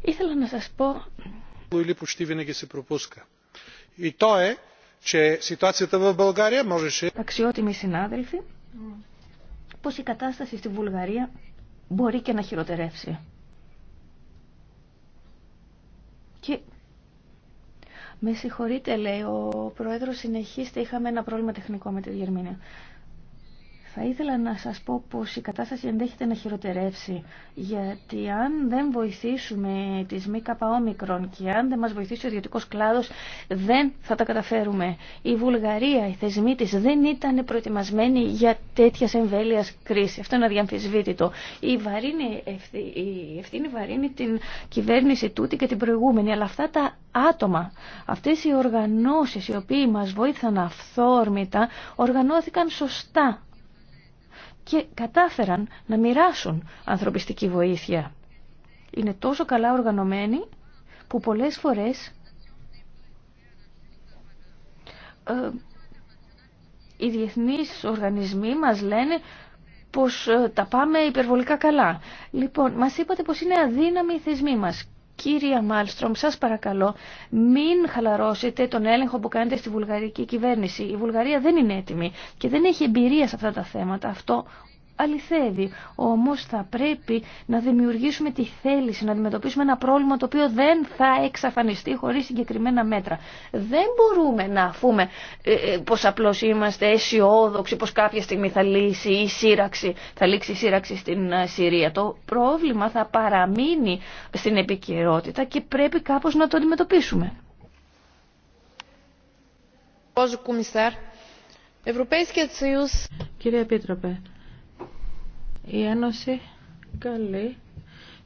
Ήθελα να σας πω Αξιότιμοι συνάδελφοι, πως η κατάσταση στη Βουλγαρία μπορεί και να χειροτερεύσει. Και με συγχωρείτε, λέει ο πρόεδρος, συνεχίστε, είχαμε ένα πρόβλημα τεχνικό με τη Γερμανία. Θα ήθελα να σας πω πως η κατάσταση ενδέχεται να χειροτερεύσει, γιατί αν δεν βοηθήσουμε τις ΜΚΟ και αν δεν μας βοηθήσει ο ιδιωτικός κλάδος, δεν θα τα καταφέρουμε. Η Βουλγαρία, οι θεσμοί της δεν ήταν προετοιμασμένοι για τέτοια εμβέλεια κρίση. Αυτό είναι αδιαμφισβήτητο. Η, βαρύνη, η ευθύνη βαρύνει την κυβέρνηση τούτη και την προηγούμενη, αλλά αυτά τα άτομα, αυτές οι οργανώσεις οι οποίοι μας βοήθησαν αυθόρμητα, οργανώθηκαν σωστά και κατάφεραν να μοιράσουν ανθρωπιστική βοήθεια. Είναι τόσο καλά οργανωμένοι που πολλές φορές ε, οι διεθνείς οργανισμοί μας λένε πως ε, τα πάμε υπερβολικά καλά. Λοιπόν, μας είπατε πως είναι αδύναμοι οι θεσμοί μας Κύρια Μάλστρομ, σας παρακαλώ, μην χαλαρώσετε τον έλεγχο που κάνετε στη βουλγαρική κυβέρνηση. Η Βουλγαρία δεν είναι έτοιμη και δεν έχει εμπειρία σε αυτά τα θέματα. Αυτό αληθεύει. Όμως θα πρέπει να δημιουργήσουμε τη θέληση, να αντιμετωπίσουμε ένα πρόβλημα το οποίο δεν θα εξαφανιστεί χωρίς συγκεκριμένα μέτρα. Δεν μπορούμε να αφούμε ε, ε πως απλώς είμαστε αισιόδοξοι, πως κάποια στιγμή θα λύσει η σύραξη, θα λήξει η σύραξη στην ε, Συρία. Το πρόβλημα θα παραμείνει στην επικαιρότητα και πρέπει κάπως να το αντιμετωπίσουμε. Κύριε Επίτροπε, η Ένωση καλεί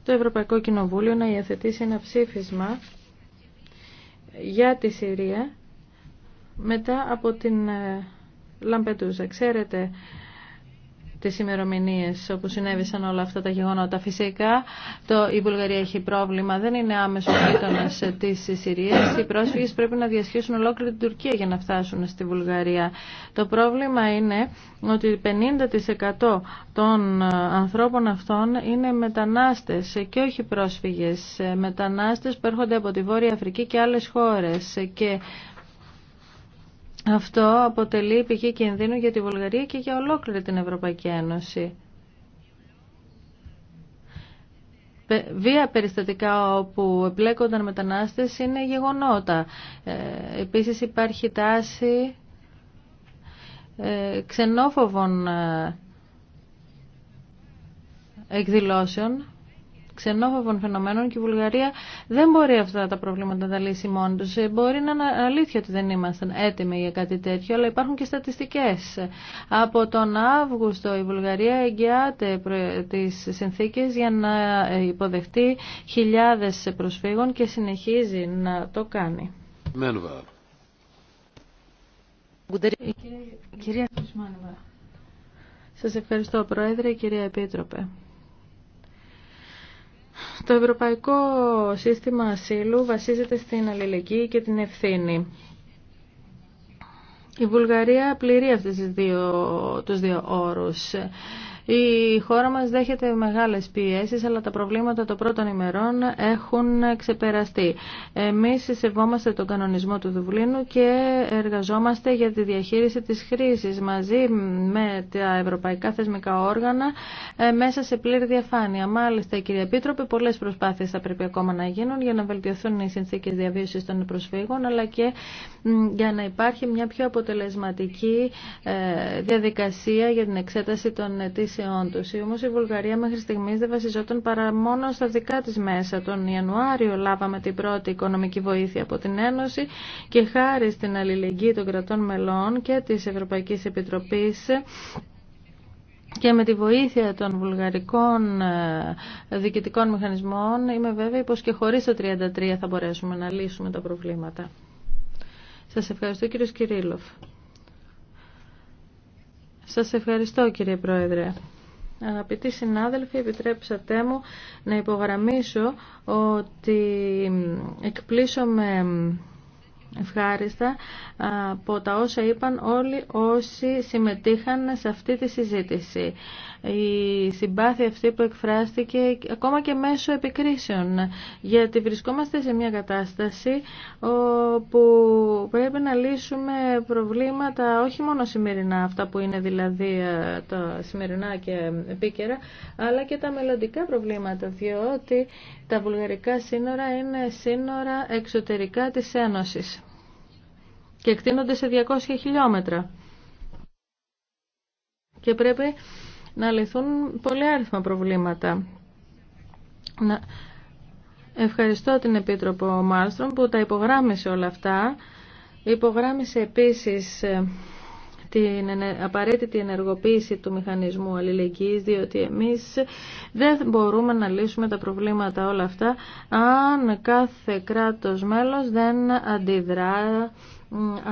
το Ευρωπαϊκό Κοινοβούλιο να υιοθετήσει ένα ψήφισμα για τη Συρία μετά από την ε, Λαμπετούζα. Ξέρετε, τις ημερομηνίε όπου συνέβησαν όλα αυτά τα γεγονότα. Φυσικά το, η Βουλγαρία έχει πρόβλημα, δεν είναι άμεσο γείτονα τη Συρία. Οι πρόσφυγε πρέπει να διασχίσουν ολόκληρη την Τουρκία για να φτάσουν στη Βουλγαρία. Το πρόβλημα είναι ότι 50% των ανθρώπων αυτών είναι μετανάστες και όχι πρόσφυγες. Μετανάστες που έρχονται από τη Βόρεια Αφρική και άλλες χώρες και αυτό αποτελεί πηγή κινδύνου για τη Βουλγαρία και για ολόκληρη την Ευρωπαϊκή Ένωση. Βία περιστατικά όπου εμπλέκονταν μετανάστες είναι γεγονότα. Ε, επίσης υπάρχει τάση ε, ξενόφοβων ε, εκδηλώσεων ξενόφοβων φαινομένων και η Βουλγαρία δεν μπορεί αυτά τα προβλήματα να τα λύσει μόνη του. Ε, μπορεί να είναι αλήθεια ότι δεν ήμασταν έτοιμοι για κάτι τέτοιο, αλλά υπάρχουν και στατιστικές. Από τον Αύγουστο η Βουλγαρία εγγυάται τι συνθήκε για να υποδεχτεί χιλιάδες προσφύγων και συνεχίζει να το κάνει. Μένβα. Κυρία Σας ευχαριστώ Πρόεδρε, κυρία Επίτροπε. Το Ευρωπαϊκό Σύστημα Ασύλου βασίζεται στην αλληλεγγύη και την ευθύνη. Η Βουλγαρία πληρεί αυτές τις δύο, τους δύο όρους. Η χώρα μας δέχεται μεγάλες πιέσεις, αλλά τα προβλήματα των πρώτων ημερών έχουν ξεπεραστεί. Εμείς σεβόμαστε τον κανονισμό του Δουβλίνου και εργαζόμαστε για τη διαχείριση της χρήσης μαζί με τα ευρωπαϊκά θεσμικά όργανα ε, μέσα σε πλήρη διαφάνεια. Μάλιστα, κύριε Επίτροπε, πολλές προσπάθειες θα πρέπει ακόμα να γίνουν για να βελτιωθούν οι συνθήκες διαβίωσης των προσφύγων, αλλά και για να υπάρχει μια πιο αποτελεσματική ε, διαδικασία για την εξέταση των ε, Όμω η Βουλγαρία μέχρι στιγμή δεν βασιζόταν παρά μόνο στα δικά τη μέσα. Τον Ιανουάριο λάβαμε την πρώτη οικονομική βοήθεια από την Ένωση και χάρη στην αλληλεγγύη των κρατών μελών και της Ευρωπαϊκή Επιτροπή και με τη βοήθεια των βουλγαρικών ε, διοικητικών μηχανισμών είμαι βέβαιη πως και χωρίς το 33 θα μπορέσουμε να λύσουμε τα προβλήματα. Σας ευχαριστώ κύριος Κυρίλοφ. Σας ευχαριστώ κύριε Πρόεδρε. Αγαπητοί συνάδελφοι, επιτρέψατε μου να υπογραμμίσω ότι με ευχάριστα από τα όσα είπαν όλοι όσοι συμμετείχαν σε αυτή τη συζήτηση η συμπάθεια αυτή που εκφράστηκε ακόμα και μέσω επικρίσεων γιατί βρισκόμαστε σε μια κατάσταση όπου πρέπει να λύσουμε προβλήματα όχι μόνο σημερινά αυτά που είναι δηλαδή ε, τα σημερινά και επίκαιρα αλλά και τα μελλοντικά προβλήματα διότι τα βουλγαρικά σύνορα είναι σύνορα εξωτερικά της Ένωσης και εκτείνονται σε 200 χιλιόμετρα. Και πρέπει να λυθούν πολλοί άριθμα προβλήματα. Ευχαριστώ την Επίτροπο Μάρστρομ που τα υπογράμμισε όλα αυτά. Υπογράμμισε επίσης ε, την απαραίτητη ενεργοποίηση του μηχανισμού αλληλεγγύης, διότι εμείς δεν μπορούμε να λύσουμε τα προβλήματα όλα αυτά αν κάθε κράτος μέλος δεν αντιδρά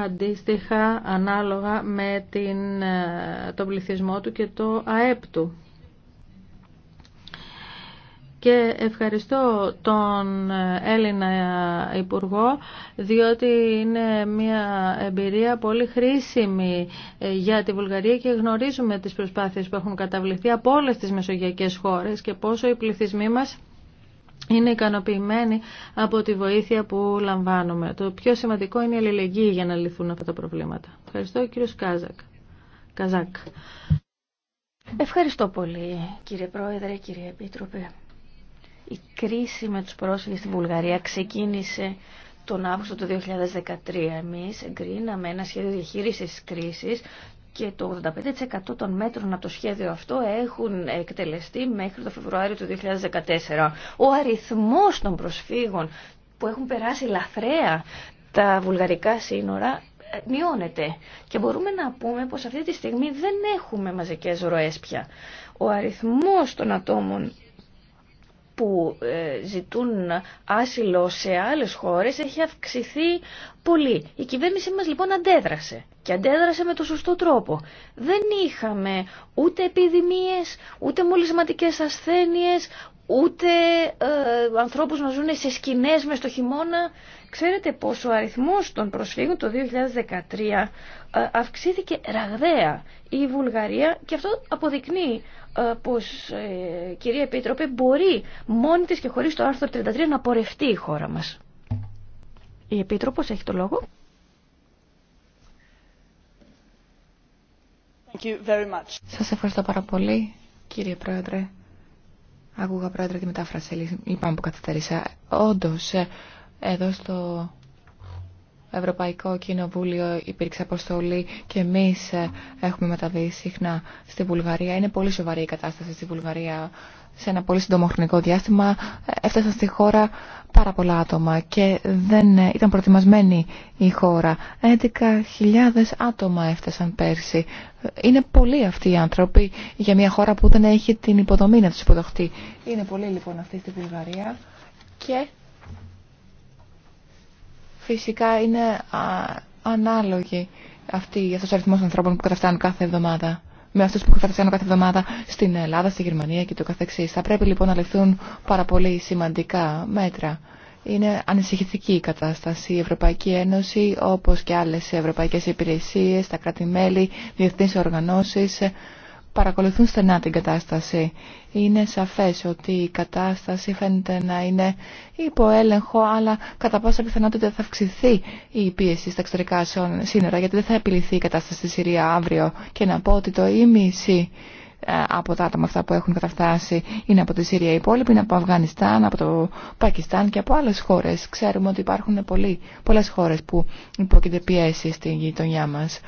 αντίστοιχα ανάλογα με ε, τον πληθυσμό του και το ΑΕΠ του και ευχαριστώ τον Έλληνα Υπουργό διότι είναι μια εμπειρία πολύ χρήσιμη ε, για τη Βουλγαρία και γνωρίζουμε τις προσπάθειες που έχουν καταβληθεί από όλες τις μεσογειακές χώρες και πόσο οι πληθυσμοί μας είναι ικανοποιημένοι από τη βοήθεια που λαμβάνουμε. Το πιο σημαντικό είναι η αλληλεγγύη για να λυθούν αυτά τα προβλήματα. Ευχαριστώ κύριο Κάζακ. Καζάκ. Ευχαριστώ πολύ κύριε Πρόεδρε, κύριε Επίτροπε. Η κρίση με τους πρόσφυγες στη Βουλγαρία ξεκίνησε τον Αύγουστο του 2013. Εμείς εγκρίναμε ένα σχέδιο διαχείρισης κρίσης και το 85% των μέτρων από το σχέδιο αυτό έχουν εκτελεστεί μέχρι το Φεβρουάριο του 2014. Ο αριθμός των προσφύγων που έχουν περάσει λαθρέα τα βουλγαρικά σύνορα ε, μειώνεται και μπορούμε να πούμε πως αυτή τη στιγμή δεν έχουμε μαζικές ροές πια. Ο αριθμός των ατόμων που ε, ζητούν άσυλο σε άλλες χώρες έχει αυξηθεί πολύ. Η κυβέρνησή μας λοιπόν αντέδρασε και αντέδρασε με το σωστό τρόπο. Δεν είχαμε ούτε επιδημίες, ούτε μολυσματικές ασθένειες, ούτε ε, ανθρώπους να ζουν σε σκηνές μες στο χειμώνα. Ξέρετε πόσο ο αριθμός των προσφύγων το 2013 ε, αυξήθηκε ραγδαία η Βουλγαρία και αυτό αποδεικνύει ε, πως, ε, κυρία Επίτροπε, μπορεί μόνη της και χωρίς το άρθρο 33 να πορευτεί η χώρα μας. Η Επίτροπος έχει το λόγο. Thank Σας ευχαριστώ πάρα πολύ, κύριε Πρόεδρε. Ακούγα πρόεδρε τη μετάφραση, Λοιπόν, που καθυστερήσα. Όντω, ε, εδώ στο Ευρωπαϊκό Κοινοβούλιο υπήρξε αποστολή και εμεί ε, έχουμε μεταβεί συχνά στη Βουλγαρία. Είναι πολύ σοβαρή η κατάσταση στη Βουλγαρία σε ένα πολύ σύντομο χρονικό διάστημα έφτασαν στη χώρα πάρα πολλά άτομα και δεν ε, ήταν προετοιμασμένη η χώρα. 11.000 άτομα έφτασαν πέρσι. Είναι πολλοί αυτοί οι άνθρωποι για μια χώρα που δεν έχει την υποδομή να τους υποδοχτεί. Είναι πολλοί λοιπόν αυτοί στη Βουλγαρία και φυσικά είναι ανάλογοι αυτοί, αυτός ο αριθμός ανθρώπων που καταφτάνουν κάθε εβδομάδα με αυτού που καταφθάνουν κάθε εβδομάδα στην Ελλάδα, στη Γερμανία και το καθεξής. Θα πρέπει λοιπόν να ληφθούν πάρα πολύ σημαντικά μέτρα. Είναι ανησυχητική η κατάσταση. Η Ευρωπαϊκή Ένωση, όπως και άλλε ευρωπαϊκές υπηρεσίε, τα κράτη-μέλη, διεθνεί οργανώσεις, παρακολουθούν στενά την κατάσταση. Είναι σαφές ότι η κατάσταση φαίνεται να είναι υπό έλεγχο, αλλά κατά πάσα πιθανότητα θα αυξηθεί η πίεση στα εξωτερικά σύνορα, γιατί δεν θα επιληθεί η κατάσταση στη Συρία αύριο. Και να πω ότι το ίμιση ε, από τα άτομα αυτά που έχουν καταφτάσει είναι από τη Συρία. Οι υπόλοιποι είναι από Αφγανιστάν, από το Πακιστάν και από άλλες χώρες. Ξέρουμε ότι υπάρχουν πολλοί, πολλές χώρες που υπόκειται πιέσει στην γειτονιά μας.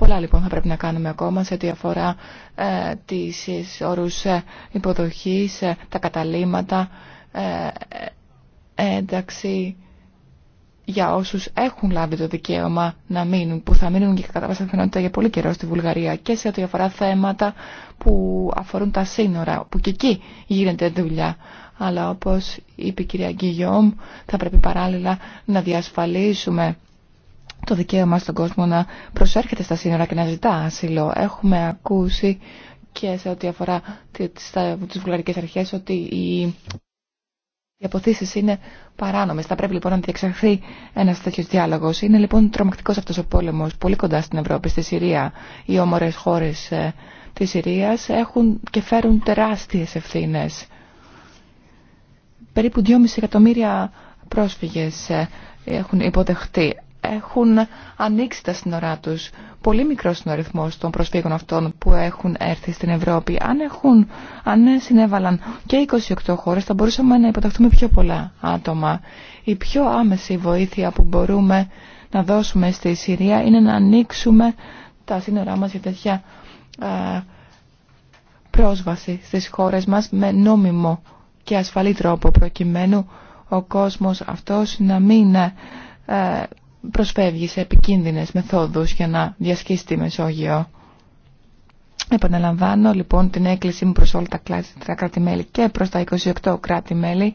Πολλά λοιπόν θα πρέπει να κάνουμε ακόμα σε ό,τι αφορά ε, τις όρους ε, υποδοχής, ε, τα καταλήματα, ε, ένταξη για όσους έχουν λάβει το δικαίωμα να μείνουν, που θα μείνουν και κατά πάσα πιθανότητα για πολύ καιρό στη Βουλγαρία και σε ό,τι αφορά θέματα που αφορούν τα σύνορα, που και εκεί γίνεται δουλειά. Αλλά όπως είπε η κυρία Γκυγιόμ, θα πρέπει παράλληλα να διασφαλίσουμε το δικαίωμα στον κόσμο να προσέρχεται στα σύνορα και να ζητά άσυλο. Έχουμε ακούσει και σε ό,τι αφορά τι βουλγαρικέ αρχέ, ότι οι οι αποθήσει είναι παράνομε. Θα πρέπει λοιπόν να διεξαχθεί ένα τέτοιο διάλογο. Είναι λοιπόν τρομακτικό αυτό ο πόλεμο πολύ κοντά στην Ευρώπη, στη Συρία. Οι όμορε χώρε ε, τη Συρία έχουν και φέρουν τεράστιε ευθύνε. Περίπου 2,5 εκατομμύρια πρόσφυγε ε, έχουν υποδεχτεί έχουν ανοίξει τα σύνορά τους. Πολύ μικρός είναι ο αριθμός των προσφύγων αυτών που έχουν έρθει στην Ευρώπη. Αν, έχουν, αν συνέβαλαν και 28 χώρες θα μπορούσαμε να υποταχθούμε πιο πολλά άτομα. Η πιο άμεση βοήθεια που μπορούμε να δώσουμε στη Συρία είναι να ανοίξουμε τα σύνορά μας για τέτοια πρόσβαση στις χώρες μας με νόμιμο και ασφαλή τρόπο προκειμένου ο κόσμος αυτός να μην ε, προσφεύγει σε επικίνδυνες μεθόδους για να διασχίσει τη Μεσόγειο. Επαναλαμβάνω λοιπόν την έκκλησή μου προς όλα τα κράτη-μέλη και προς τα 28 κράτη-μέλη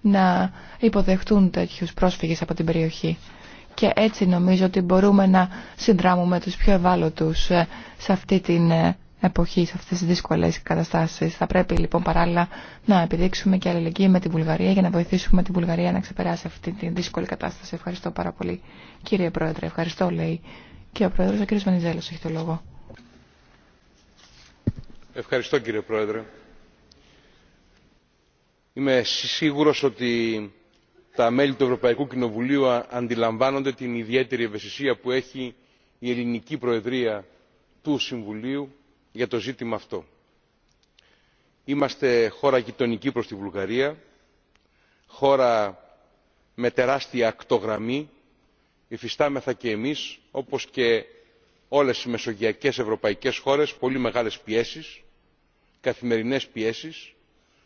να υποδεχτούν τέτοιους πρόσφυγες από την περιοχή. Και έτσι νομίζω ότι μπορούμε να συνδράμουμε τους πιο ευάλωτους ε, σε αυτή την ε, εποχή, σε αυτές τις δύσκολες καταστάσεις. Θα πρέπει λοιπόν παράλληλα να επιδείξουμε και αλληλεγγύη με την Βουλγαρία για να βοηθήσουμε την Βουλγαρία να ξεπεράσει αυτή τη δύσκολη κατάσταση. Ευχαριστώ πάρα πολύ κύριε Πρόεδρε. Ευχαριστώ λέει και ο Πρόεδρος ο κ. Μανιζέλος έχει το λόγο. Ευχαριστώ κύριε Πρόεδρε. Είμαι σίγουρος ότι τα μέλη του Ευρωπαϊκού Κοινοβουλίου αντιλαμβάνονται την ιδιαίτερη ευαισθησία που έχει η ελληνική Προεδρία του Συμβουλίου για το ζήτημα αυτό. είμαστε χώρα γειτονική προς τη βουλγαρία χώρα με τεράστια ακτογραμμή υφιστάμεθα και εμείς όπως και όλες οι μεσογειακές ευρωπαϊκές χώρες πολύ μεγάλες πιέσεις καθημερινές πιέσεις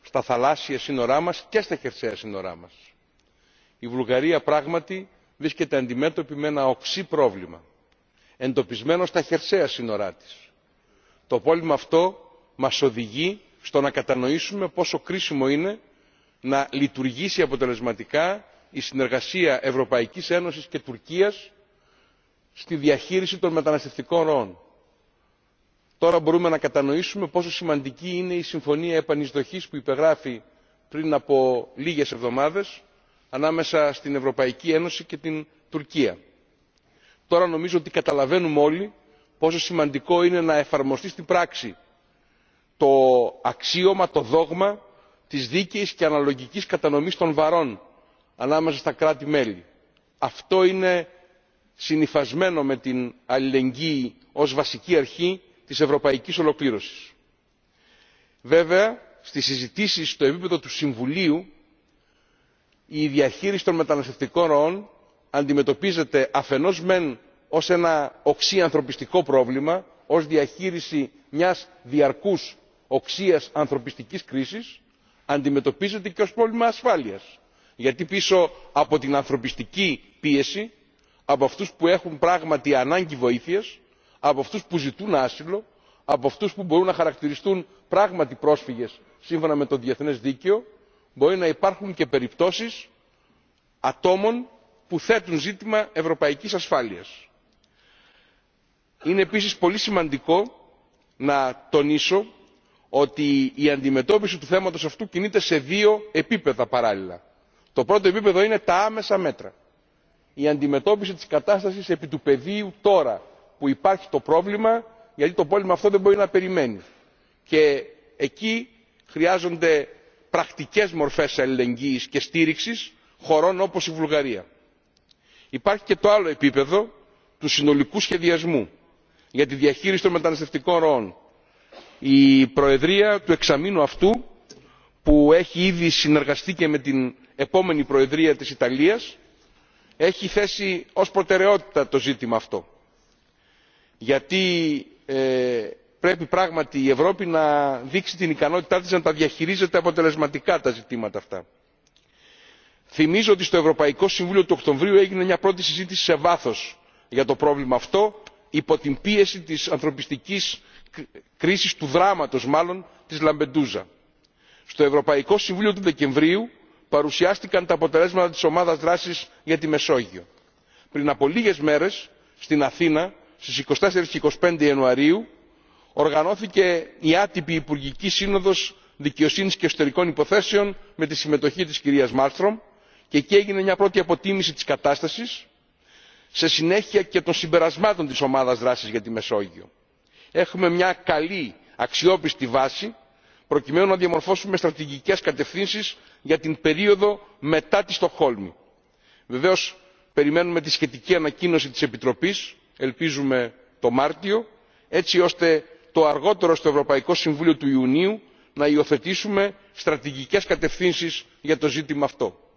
στα θαλάσσια σύνορά μας και στα χερσαία σύνορά μας. η βουλγαρία πράγματι βρίσκεται αντιμέτωπη με ένα οξύ πρόβλημα εντοπισμένο στα χερσαία σύνορά της το πόλεμο αυτό μας οδηγεί στο να κατανοήσουμε πόσο κρίσιμο είναι να λειτουργήσει αποτελεσματικά η συνεργασία ευρωπαϊκής ένωσης και τουρκίας στη διαχείριση των μεταναστευτικών ροών. τώρα μπορούμε να κατανοήσουμε πόσο σημαντική είναι η συμφωνία επανεισδοχής που υπεγράφει πριν από λίγες εβδομάδες ανάμεσα στην ευρωπαϊκή ένωση και την τουρκία. τώρα νομίζω ότι καταλαβαίνουμε όλοι πόσο σημαντικό είναι να εφαρμοστεί στην πράξη το αξίωμα το δόγμα της δίκαιης και αναλογικής κατανομής των βαρών ανάμεσα στα κράτη μέλη. αυτό είναι συνυφασμένο με την αλληλεγγύη ως βασική αρχή της ευρωπαϊκής ολοκλήρωσης. βέβαια στις συζητήσεις στο επίπεδο του συμβουλίου η διαχείριση των μεταναστευτικών ροών αντιμετωπίζεται αφενός μεν ως ένα οξύ ανθρωπιστικό πρόβλημα ως διαχείριση μιας διαρκούς οξείας ανθρωπιστικής κρίσης αντιμετωπίζεται και ως πρόβλημα ασφάλειας γιατί πίσω από την ανθρωπιστική πίεση από αυτούς που έχουν πράγματι ανάγκη βοήθειας από αυτούς που ζητούν άσυλο από αυτούς που μπορούν να χαρακτηριστούν πράγματι πρόσφυγες σύμφωνα με το διεθνές δίκαιο μπορεί να υπάρχουν και περιπτώσεις ατόμων που θέτουν ζήτημα ευρωπαϊκής ασφάλειας είναι επίσης πολύ σημαντικό να τονίσω ότι η αντιμετώπιση του θέματος αυτού κινείται σε δύο επίπεδα παράλληλα. το πρώτο επίπεδο είναι τα άμεσα μέτρα η αντιμετώπιση της κατάστασης επί του πεδίου τώρα που υπάρχει το πρόβλημα γιατί το πρόβλημα αυτό δεν μπορεί να περιμένει και εκεί χρειάζονται πρακτικές μορφές αλληλεγγύης και στήριξης χωρών όπως η βουλγαρία. υπάρχει και το άλλο επίπεδο του συνολικού σχεδιασμού για τη διαχείριση των μεταναστευτικών ροών. η προεδρία του εξαμήνου αυτού που έχει ήδη συνεργαστεί και με την επόμενη προεδρία της ιταλίας έχει θέσει ως προτεραιότητα το ζήτημα αυτό γιατί ε, πρέπει πράγματι η ευρώπη να δείξει την ικανότητά της να τα διαχειρίζεται αποτελεσματικά τα ζητήματα αυτά. θυμίζω ότι στο ευρωπαϊκό συμβούλιο του οκτωβρίου έγινε μια πρώτη συζήτηση σε βάθος για το πρόβλημα αυτό υπό την πίεση της ανθρωπιστικής κρίσης του δράματος μάλλον της λαμπεντούζα. στο ευρωπαϊκό συμβούλιο του δεκεμβρίου παρουσιάστηκαν τα αποτελέσματα της ομάδας δράσης για τη μεσόγειο. πριν από λίγες μέρες στην αθήνα στις 24 και 25 ιανουαρίου οργανώθηκε η άτυπη υπουργική σύνοδος δικαιοσύνης και εσωτερικών υποθέσεων με τη συμμετοχή της κυρίας Μάλστρομ και εκεί έγινε μια πρώτη αποτίμηση της κατάστασης σε συνέχεια και των συμπερασμάτων της ομάδας δράσης για τη μεσόγειο. έχουμε μια καλή αξιόπιστη βάση προκειμένου να διαμορφώσουμε στρατηγικές κατευθύνσεις για την περίοδο μετά τη στοκχόλμη. βεβαίως περιμένουμε τη σχετική ανακοίνωση της επιτροπής ελπίζουμε το μάρτιο έτσι ώστε το αργότερο στο ευρωπαϊκό συμβούλιο του ιουνίου να υιοθετήσουμε στρατηγικές κατευθύνσεις για το ζήτημα αυτό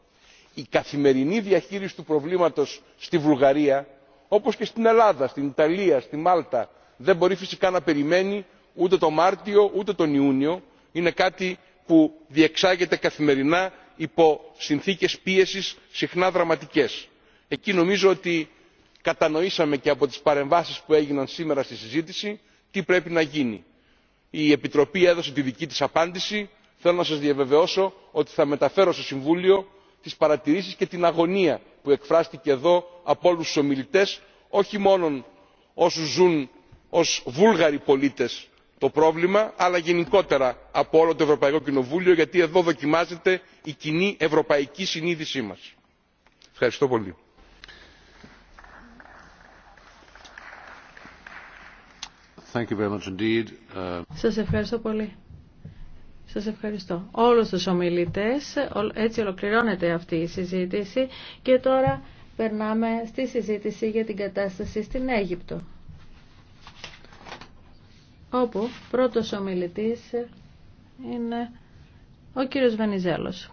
η καθημερινή διαχείριση του προβλήματος στη βουλγαρία όπως και στην ελλάδα στην ιταλία στη μάλτα δεν μπορεί φυσικά να περιμένει ούτε τον μάρτιο ούτε τον ιούνιο είναι κάτι που διεξάγεται καθημερινά υπό συνθήκες πίεσης συχνά δραματικές. εκεί νομίζω ότι κατανοήσαμε και από τις παρεμβάσεις που έγιναν σήμερα στη συζήτηση τι πρέπει να γίνει. η επιτροπή έδωσε τη δική της απάντηση. θέλω να σας διαβεβαιώσω ότι θα μεταφέρω στο συμβούλιο τις παρατηρήσεις και την αγωνία που εκφράστηκε εδώ από όλους τους ομιλητές όχι μόνο όσους ζουν ως βούλγαροι πολίτες το πρόβλημα αλλά γενικότερα από όλο το ευρωπαϊκό κοινοβούλιο γιατί εδώ δοκιμάζεται η κοινή ευρωπαϊκή συνείδησή μας. ευχαριστώ πολύ. Thank Σας ευχαριστώ πολύ. Σας ευχαριστώ. Όλους τους ομιλητές, έτσι ολοκληρώνεται αυτή η συζήτηση και τώρα περνάμε στη συζήτηση για την κατάσταση στην Αίγυπτο. Όπου πρώτος ομιλητής είναι ο κύριος Βενιζέλος.